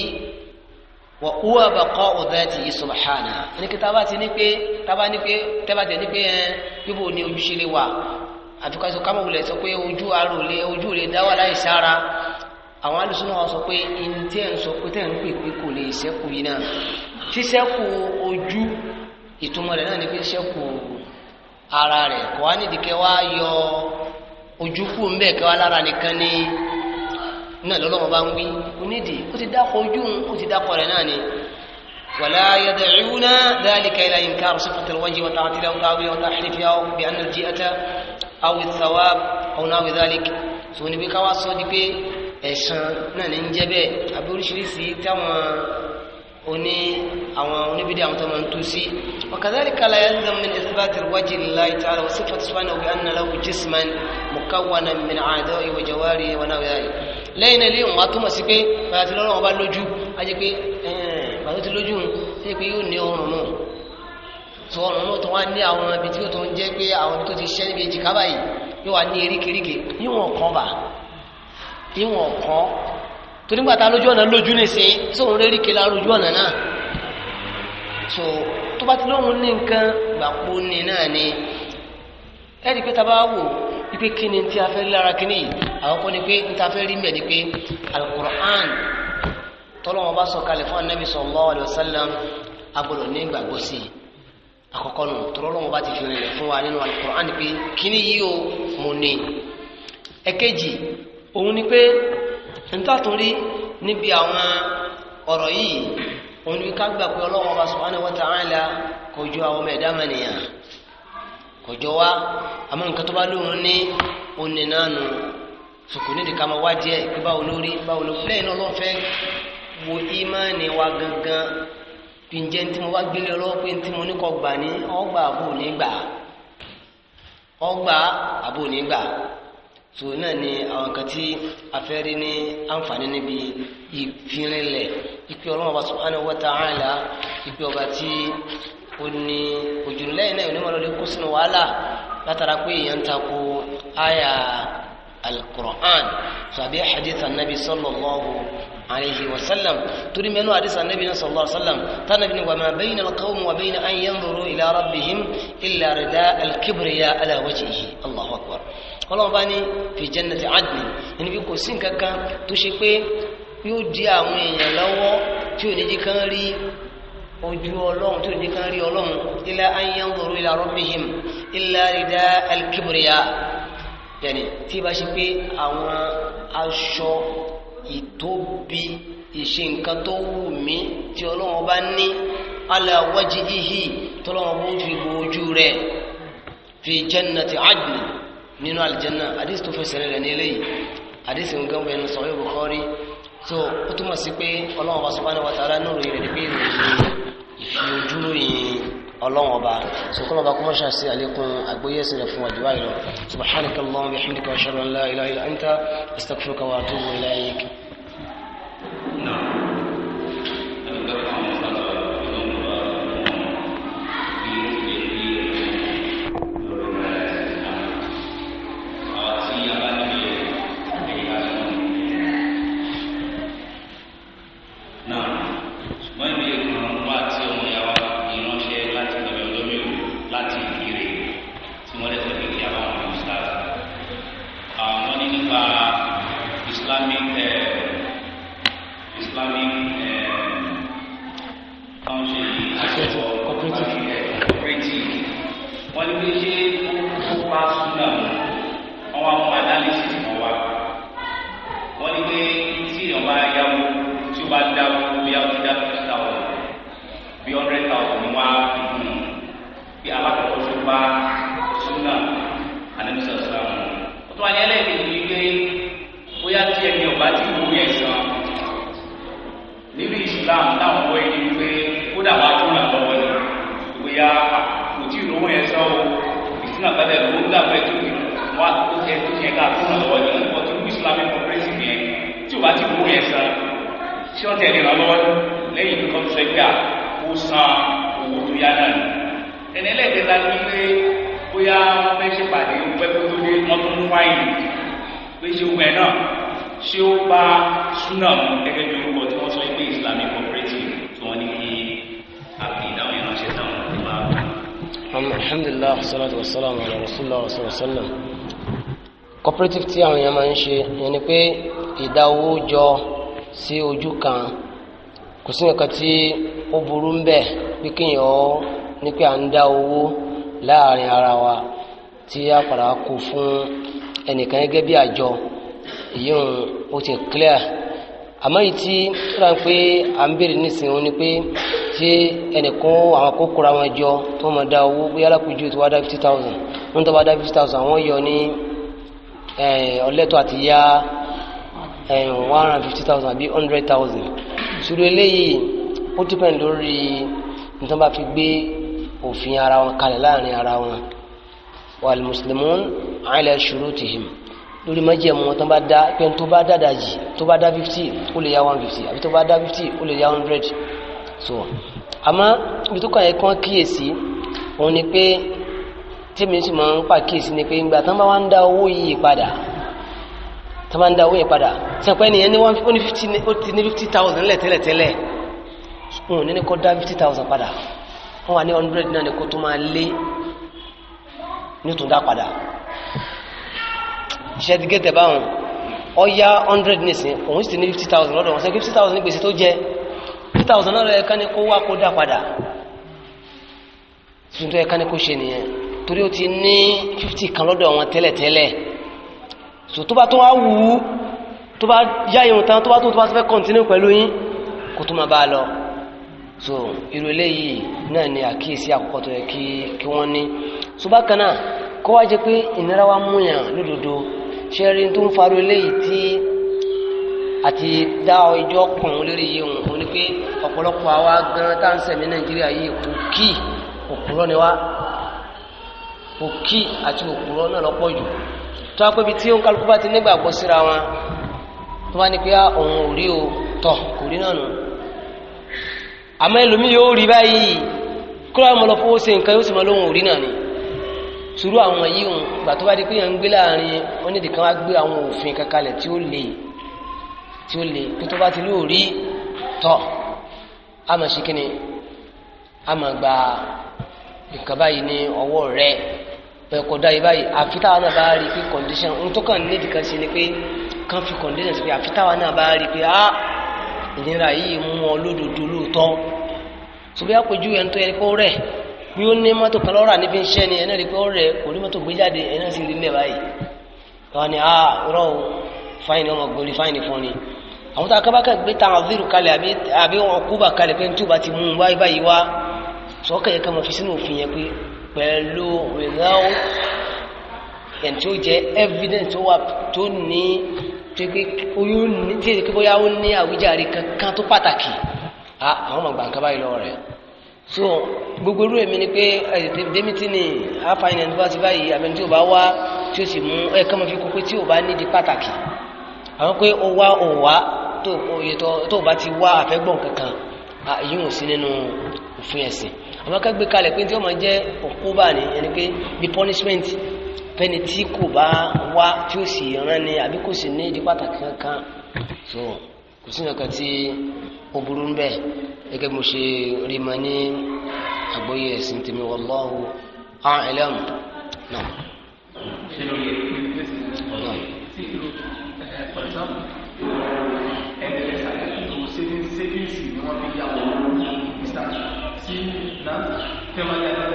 [SPEAKER 1] wa huwa baqa'u dhatihi subhanahu ní kí tábà ti ní pé tábà ní pé tábà tẹ ní pé ẹ bíbò ní ojúṣe lè wà àfikàsọ kámọ̀ wulẹ̀ sọ pé ojú àrò lè ojú lè dáwà láì sára àwọn alùsùnà wa sọ pé ntẹ́ ń sọ pé tẹ́ ń pè pé kò lè sẹ́kù yìí náà tí sẹ́kù ojú ìtumọ̀ rẹ̀ náà ni pé sẹ́kù ara rẹ̀ kò wá nídìí kẹ́ wá yọ ojú kù ń bẹ̀ kẹ́ wá lára nìkan ní náà lọ́lọ́wọ́ bá ń wí onídìí ó ti dákọ̀ ojú ó ti dákọ̀ rẹ̀ náà ni wàlá yad'una dhalika ila inkar sifati alwajhi wa ta'til aw ta'wil wa tahrifi aw bi anna al-ji'ata aw ath-thawab aw nawi dhalik so ni bi ka wa so di pe ẹ̀sán náà ní ń jẹ́ bẹ́ẹ̀ aboríṣiríṣi táwọn oní àwọn oníbídí àwọn tó máa ń tú sí وكذلك لا يلزم من إثبات الوجه لله تعالى وصفة سبحانه بأن له جسما مكونا من أعضاء وجوارح ونحو ذلك lẹ́yìn ilé òun atúmọ̀ sí pé bàbá tí lọ́rùn ọba lójú a jẹ́ pé bàbá tí lójú ṣe pé yóò ní ọrùn náà tó ọrùn náà tó wá ní àwọn ibi tí ó tó ń jẹ́ pé àwọn ibi tó ti ṣẹ́ níbi èjìká báyìí yóò wá ní eríkèríkè níwọ̀n kan bàá tí wọn kọ́ torígbàtà lójú ọ̀nà lójú nìsín sóun rérí kele lójú ọ̀nà náà so tó bá ti lóun ní nǹkan gbàpó ni náà ni ẹ̀rí pé tábà wò wípé kí ni tí a fẹ́ lára kí ni àwọn kan ni pé n ta fẹ́ rí mẹ́ ni pé alukur'an tọ́lọ́wọ́n bá sọ kalẹ̀ fún anabi sallallahu alaihi wasallam agbọ́dọ̀ ní gbàgbọ́ sí i àkọ́kọ́ nù tọ́lọ́wọ́n bá ti fi rìnlẹ̀ fún wa nínú alukur'an pé kí ni yìí o mo ní òun ni pé ntàtúrí níbi àwọn ọ̀rọ̀ yìí òun ni ká gbà pé Ọlọ́hun Ọba subhanahu wa ta'ala kò jọ àwọn ọmọ ẹ̀dá mẹ́nìyàn wá àmọ́ nǹkan tó bá lóun ní òní náà nù sùkùn nídìí ká máa wá díẹ̀ pé báwo ló rí báwo ló wo wa gangan tí mo bá gbélé ọlọ́wọ́ pé tí mo ní so náà ni àwọn kan tí a fẹ́ rí ní àǹfààní níbi ìfinrinlẹ̀ ìpè ọlọ́run ọba subhanahu wa ta'ala ìpè ọba tí ó ní òjòlẹ́yìn náà onímọ̀ lórí kó sínú wàhálà látara pé èèyàn ń takò àyà al-Qur'an tàbí hadith anabi sallallahu alayhi wa sallam torí mẹ́nu hadith anabi náà sallallahu alayhi wa sallam tánàbí ni wa ma bayna al-qawmi wa bayna an yanzuru ila rabbihim illa rida al-kibriya ala allahu akbar ọlọ́run bá ní fi jannati adni ẹni bí kò sí nǹkan kan tó ṣe pé yóò di àwọn èèyàn lọ́wọ́ tí ò ní jí kan rí ojú ọlọ́run tó ní kan rí ọlọ́run illa an yanzuru ila rabbihim illa rida al-kibriya yẹni tí bá ṣe pé àwọn aṣọ ìtóbi ìṣe nǹkan tó wù mí tí ọlọ́run bá ní ala wajhihi tọ́lọ́run bó fi bo ojú rẹ̀ fi jannati adni nínú aljanna hadith tó fẹsẹ̀ rẹ̀ ní eléyìí hadith ń gánbẹ̀ nínú sahih bukhari tó ó túmọ̀ sí pé ọlọ́wọ́n bá subhanahu wa ta'ala nínú rẹ̀ ní pé ìfi ojúrò yìí ọlọ́wọ́n ọba sọkọ́nà ọba kọ́mọ́ṣà sí àlékún àgbóyẹ̀sìn rẹ̀ fún àjùwá ìlọ subhanaka wa ashhadu
[SPEAKER 3] bí ọ̀rẹ́ ta ọ̀gbìn wá fífún bí alákọ̀ọ́ tó bá súnà àdébísọ̀ sàmù. ọ̀tún wáyé ẹlẹ́ẹ̀kejì ni pé bóyá tí ẹni ọ̀bá ti wù ú ẹ̀sán níbi ìsìlámù táwọn ọ̀gbọ́n yìí ni pé kódà wá tún nà lọ́wọ́ ni bóyá kò tí ì lówó ẹ̀sán o ìsìnà bẹ́ẹ̀ ló ń dà bẹ́ẹ̀ tó wá tó tiẹ̀ tó tiẹ̀ ká tún nà lọ́wọ́ ni wọ́n ti wú ìsìlámù ẹ̀kọ́pẹ́rẹ́sì yẹn tí ò bá ti kó san owó tó yá dànù ẹni ẹlẹ́gbẹ̀ta ní pé bóyá wọ́n fẹ́ ṣe pàdé pẹ́ kó tó dé wọ́n tún fáìlì pé ṣe wẹ̀ náà ṣé ó bá súnà mú gẹ́gẹ́ bí orúkọ tí wọ́n sọ pé islamic cooperative tí wọ́n ní kí àbí ìdáhùn yẹn ránṣẹ́ dáhùn ní máa.
[SPEAKER 1] alhamdulilah salatu wa salam ala rasulillah wa sallam cooperative tí àwọn èèyàn máa ń ṣe yẹn ni pé ìdá owó jọ sí ojú kan kò sí nǹkan tí ó burú ń bẹ̀ bí kéèyàn ó ní pé à ń dá owó láàrin ara wa tí a padà kó fún ẹnìkan gẹ́gẹ́ bí àjọ èyí ó ti clear àmọ́ yìí tí ó rà ń pé à ń béèrè nísìnyí ó pé ṣé ẹnìkan àwọn kókóra wọn jọ tó máa dá owó bóyá alákòjú tí wọ́n dá fifty thousand wọ́n tó bá dá fifty thousand àwọn yọ ní eh, ọlẹ́tọ̀ àti yá eh, one hundred and fifty thousand àbí hundred thousand ṣùgbọ́n eléyìí ó dìpẹ̀n lórí nítorí bá fi gbé òfin ara wọn kalẹ̀ láàrin ara wọn wal muslimun ala shurutihim lórí májẹ̀mú wọn tó bá dá pé tó bá dá dájì tó bá dá fifty ó lè yá one fifty àbí tó bá dá fifty ó lè yá hundred so àmọ́ ibi tó kàn yẹ kán kíyèsí òun ni pé tèmi sì máa ń pàkíyèsí ni pé ìgbà tán bá wá ń dá owó yìí padà tán bá ń dá owó yìí padà sẹ́pẹ́ nìyẹn ní one fifty ó ti ní fifty thousand lẹ́tẹ́lẹ̀tẹ́lẹ̀ wọn ò ní ní kọ́ dá fifty thousand padà wọn wà ní hundred náà ní kó tó máa lé ní tó ń dá padà iṣẹ́ ti gẹ́tẹ̀ báwọn ọ yá hundred nísìn òun sì ti ní fifty thousand lọ́dọ̀ wọn sẹ́ fifty thousand ní gbèsè tó jẹ fifty thousand náà ẹ̀ka ní kó wá kó dá padà tuntun ẹ̀ka ní kó ṣe nìyẹn torí ó ti ní fifty kan lọ́dọ̀ wọn tẹ́lẹ̀tẹ́lẹ̀ so tó bá tó wá wù ú tó bá yá irun tán tó bá tó tó bá fẹ́ continue pẹ̀lú yín kó tó máa bá a lọ so irú eléyìí náà ni àkíyèsí àkọ́kọ́ tó yẹ kí kí wọ́n ní so bákan náà kó wá jẹ́ pé ìnira wa mú yàn lódodo ṣe rí tó ń farú eléyìí tí àti dá ọjọ́ kùn lórí yìí òun ni pé ọ̀pọ̀lọpọ̀ àwa gan tá à ń sẹ̀mí nàìjíríà yìí kò kí ni wá kò kí àti òkúrọ́ náà lọ́pọ̀ jù tó wá pé ibi tí ó ń kálukú bá ti nígbàgbọ́ síra wọn tó wá ní pé ah, òun ò rí o tọ̀ kò rí náà nù àmọ́ ẹlòmí yóò rí báyìí kúrò mọ́ lọ fowó ṣe nǹkan yóò sì mọ́ lóhun òrí náà ni sùúrù àwọn yìí hùn gbà tó bá di pé yàn ń gbé láàrin wọn nídìí kan wá gbé àwọn òfin kankalẹ̀ tí ó le tí ó le pé tó bá ti lóòrí tọ̀ a máa ṣe kíni a máa gba nǹkan báyìí ní ọwọ́ rẹ̀ bẹ́ẹ̀ dá yìí báyìí àfi náà bá rí pé condition ohun tó kàn nídìí kan ṣe ni pé kan fi condition sí pé àfi náà bá rí pé ah ìnira yìí mú wọn lódodo lóòótọ́ sọfí àpèjú ẹni tó yẹ kó rẹ̀ bí ó ní mọ́tò kan lọ́rà níbi iṣẹ́ ni ẹni rí rẹ̀ kò ní mọ́tò gbé ẹni sì rí lẹ̀ báyìí wọn ah, ni a rọ fáìní ọmọ gbòòrì fáìní fún ni àwọn tó akábákà gbé ta àwọn fíìrù kalẹ̀ àbí ọkúbà kalẹ̀ pé tí ó bá ti mú un wáyé báyìí wá sọ́kẹ̀ yẹ ká mọ̀ fi sínú òfin yẹn pé pẹ̀lú without ẹni tí ó evidence tó wà tó ní tó pé oyún ní tí èdè bóyá ó ní àwíjàre kankan tó pàtàkì àwọn ọmọ gbàǹkan báyìí lọ́wọ́ rẹ̀ so gbogbo irú èmi ni pé dèmítì ni àfàìní ẹni tó bá ti báyìí àbẹni tí ò bá wá tí ó sì mú ẹ̀ka mọ́ fi kó pé tí ò bá nídi pàtàkì àwọn pé ó wá ò wá tó ò bá ti wá àfẹ́gbọ̀n kankan yìí ò sí nínú òfin ẹ̀sìn àwọn akẹ́gbẹ́ kalẹ̀ pé tí ó máa jẹ́ òkú bá ní ẹni pé bí punishment fẹ́ni tí kò bá wá tí ó sì rán ni àbí kò sì ní ìdí pàtàkì kankan so kò sí nǹkan tí ó burú ń bẹ̀ gẹ́gẹ́ bí mo ṣe rí mọ ní àgbóyè ẹ̀sìn tèmi wallahu a'lam náà.
[SPEAKER 3] ṣé lórí ẹ̀sìn ẹ̀sìn ẹ̀sìn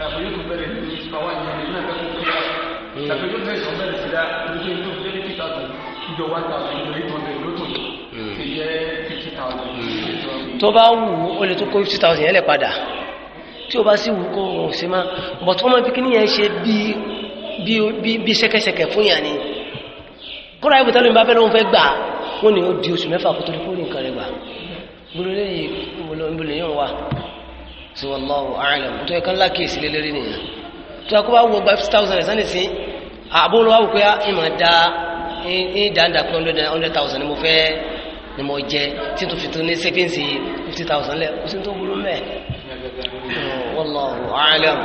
[SPEAKER 3] تغيير بلد قوانين لما تكون فيها تغيير زي شغلان سلاح يجي يكون في كي تعطي ìjọba ta ìjọba tó ń lò tó ti jẹ́ fifty thousand. tó
[SPEAKER 1] bá wù ú ó lè tó kó fifty thousand yẹn lẹ̀ padà tí o bá sì wù kó o sì máa bọ̀ tó máa fi kí nìyẹn ṣe bí bí ṣẹ̀kẹ̀ṣẹ̀kẹ̀ fún yàn ni kóra ibi tẹ́lẹ̀ bá fẹ́ lóun fẹ́ gbà wọ́n ní ó di oṣù mẹ́fà kó tó di kó ní nǹkan rẹ̀ gbà gbọ́dọ̀ lẹ́yìn ìbòlẹ́yìn wa tí wọ́n lọ́wọ́ àìlẹ̀m tó yẹ kán lákèsí lélẹ́rí nìyẹn tó yẹ kó bá wọ gba fifty thousand rẹ̀ sani sí àbúrò wa wò pé ìmọ̀ da ní dáadáa pé hundred hundred thousand ni mo fẹ́ ni mo jẹ tí tó fi tó ní savings fifty thousand lẹ̀ kó sì tó burú mẹ́
[SPEAKER 2] oh, wọ́n lọ́wọ́ àìlẹ̀m.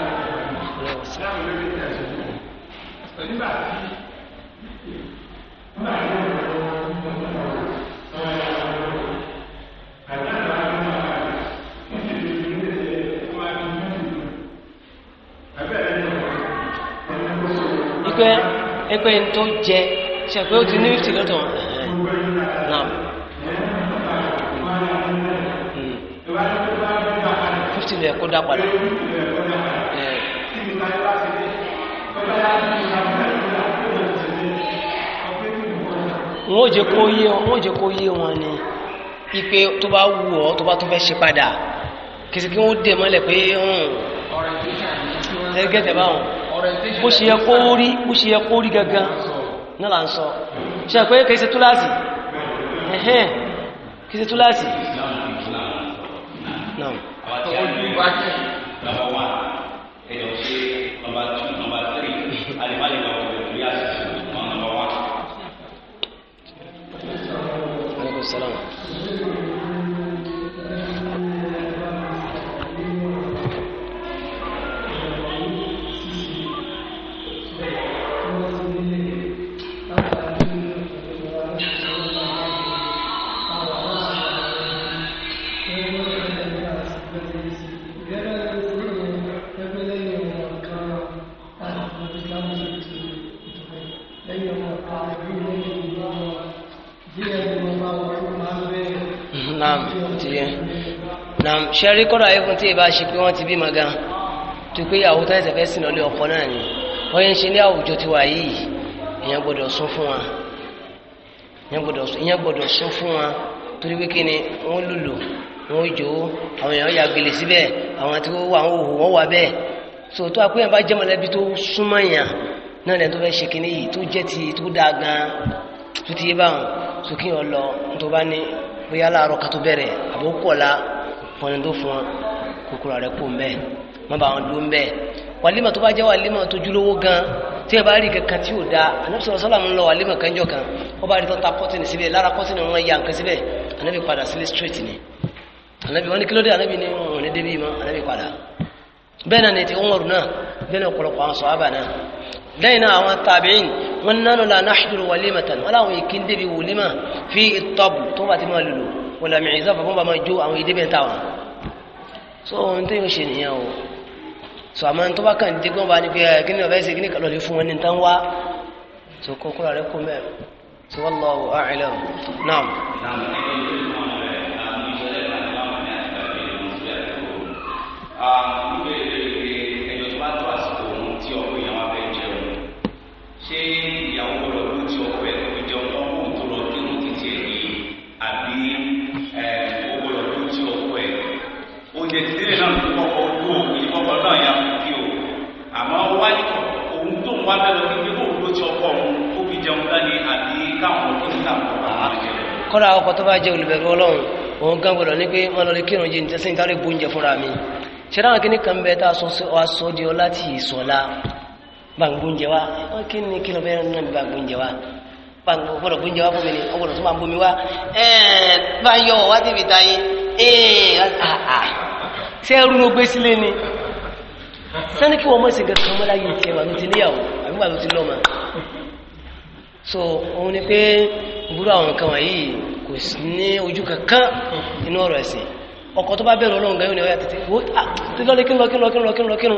[SPEAKER 2] Thank you. pé
[SPEAKER 1] ẹgbẹ́ ẹni tó jẹ ṣe pé ó ti ní hmm. fifty lọ́dọ̀ náà fifty lè kó dá padà. Hmm.
[SPEAKER 2] wọ́n ò jẹ́ kó yé
[SPEAKER 1] wọn wọ́n ò jẹ́ kó yé wọn ni ipe tó bá wù ọ́ tó bá tó fẹ́ ṣe padà kìsìkì wọ́n dè mọ́lẹ̀ pé hmm. ẹgẹ́tẹ̀ báwọn bó ṣe yẹ kó rí bó ṣe yẹ kó rí gangan náà là ń sọ ṣe pé kìí ṣe túláàsì
[SPEAKER 3] ẹ̀hẹ́n kìí ṣe túláàsì Alaikum
[SPEAKER 1] ṣẹ́rí kọ́dà ẹkùn tí ìbá ṣe pé wọ́n ti bí maga tó pé ìyàwó tó fẹ́ sí lọ́lé ọkọ náà ni wọ́n yẹn ń ṣe ní àwùjọ tí wà yìí ìyẹn gbọ́dọ̀ sún fún wa ìyẹn gbọ́dọ̀ sún fún wa torí pé kí ni wọ́n lùlù wọ́n jò ó àwọn èèyàn ya gbèlè síbẹ̀ àwọn tí wọ́n wò wọ́n wà bẹ́ẹ̀ so tó a pé yẹn bá jẹ́ mọ̀lẹ́bí tó súnmọ́ yàn náà lẹ́yìn tó fẹ́ ṣe kínní yìí tó jẹ́ ti bóyá láàárọ̀ ká tó bẹ̀rẹ̀ àbókọ̀ọ́lá fún ẹni tó fún ọ kòkòrò rẹ kò mbẹ má bàa wọn dúró mbẹ wàlímà tó bá jẹ́ wàlímà tó júlówó gan tí ẹ bá rí kankan tí ò da anabi sọ̀rọ̀ sọ́lá ń lọ wàlímà kanjọ kan ó bá rí tó ta kọ́tìnì síbẹ̀ lára kọ́tìnì wọn ya nǹkan síbẹ̀ anabi padà sílé straight ni anabi wọn ní kílódé anabi ní wọn ní débi mọ anabi padà bẹ́ẹ̀ náà ní ti Umaru náà bẹ́ẹ̀ náà ọ̀pọ̀lọpọ̀ àwọn sọ̀hábà náà lẹ́yìn náà àwọn tàbíìn wọn nánú la náà ṣùdúró wàlímà tán wọn láwọn ìkíndébi wòlímà wọn làmì ìzọ́fà fún bàmá jó àwọn ìdí bẹ́ẹ̀ táwọn so ohun tó yóò ṣe nìyẹn o so àmọ́ tó bá kàn dé gbọ́n bá ní pé eh, kí ni ọ̀fẹ́ ṣe kí ni kàlọ́ lè fún wọn ní tán wá so kókóra rẹ kó mẹ́rin so wallahu a'lam naam.
[SPEAKER 3] Um, wá bẹ̀rẹ̀ orí pé bóun ló ti ọkọ òun ó fi jẹun dání àbí káwọn dókítà kọ́ bá jẹ.
[SPEAKER 1] kọ́ra ọkọ̀ tó bá jẹ́ olùbẹ̀rù ọlọ́run òun gan gbọ́dọ̀ ní pé wọn lọ lè kírun jí nítorí sẹ́yìn táwọn èèbù oúnjẹ fúnra mi ṣẹlẹ̀ àwọn kìnnìkan kan bẹ tá a sọ di ọ láti ìsọ̀la gbàngbóúnjẹ wa wọn kí ni kí ló fẹ́ rán mi gbàngbóúnjẹ wa gbàngbóúnjẹ gbóúnjẹ wa fún mi ni ọgbọ́dọ̀ tó máa ń bomi wa ẹ̀ẹ́n bá yọ wá débi ta yín ẹ̀ẹ́n àà ṣé ẹrú ló gbé sílé ni sani kí wọ́n mọ̀ sí nǹkan kan mọ́ láyé tiẹ̀ wà ní ti níyàwó nígbà tó ti lọ́mọ so òun ni pé burú àwọn nǹkan wọ̀nyí kò sí ní ojú kankan inú ọ̀rọ̀ ẹ̀sìn ọkọ̀ tó bá bẹ̀rù ọlọ́run gan yóò ní ọyá tètè wo ah, lọ́lé kí n lọ kí n lọ kí n lọ kí n lọ kí n lọ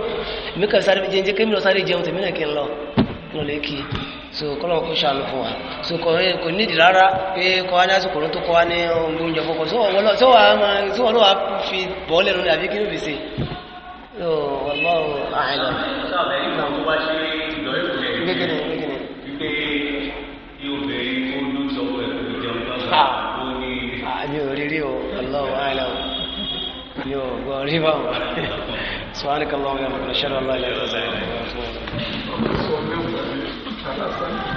[SPEAKER 1] èmi kàn sáré jẹun kí n lọ sáré jẹun tèmi náà kí n lọ kí n lọ lè kí so kọ́lọ́n kó ṣàánú fún wa so kò nídìí rárá pé kọ́ wá ní àsìkò tó kọ́ wá ní oúnjẹ fọ́kọ́ tí wọ́n lọ́wọ́ fi bọ́ lẹ́nu ní àbí kí n fi ṣe.
[SPEAKER 3] ọlọ́run àìlọ́ wípé kíni wípé kíni. wípé yóò bẹ ikú ló sọ̀rọ̀ o
[SPEAKER 1] Allahu a'lam mi ò gbọ́ rí báwọn wa bihamdika ashhadu an la ilaha illa anta astaghfiruka wa
[SPEAKER 2] atubu ilayk.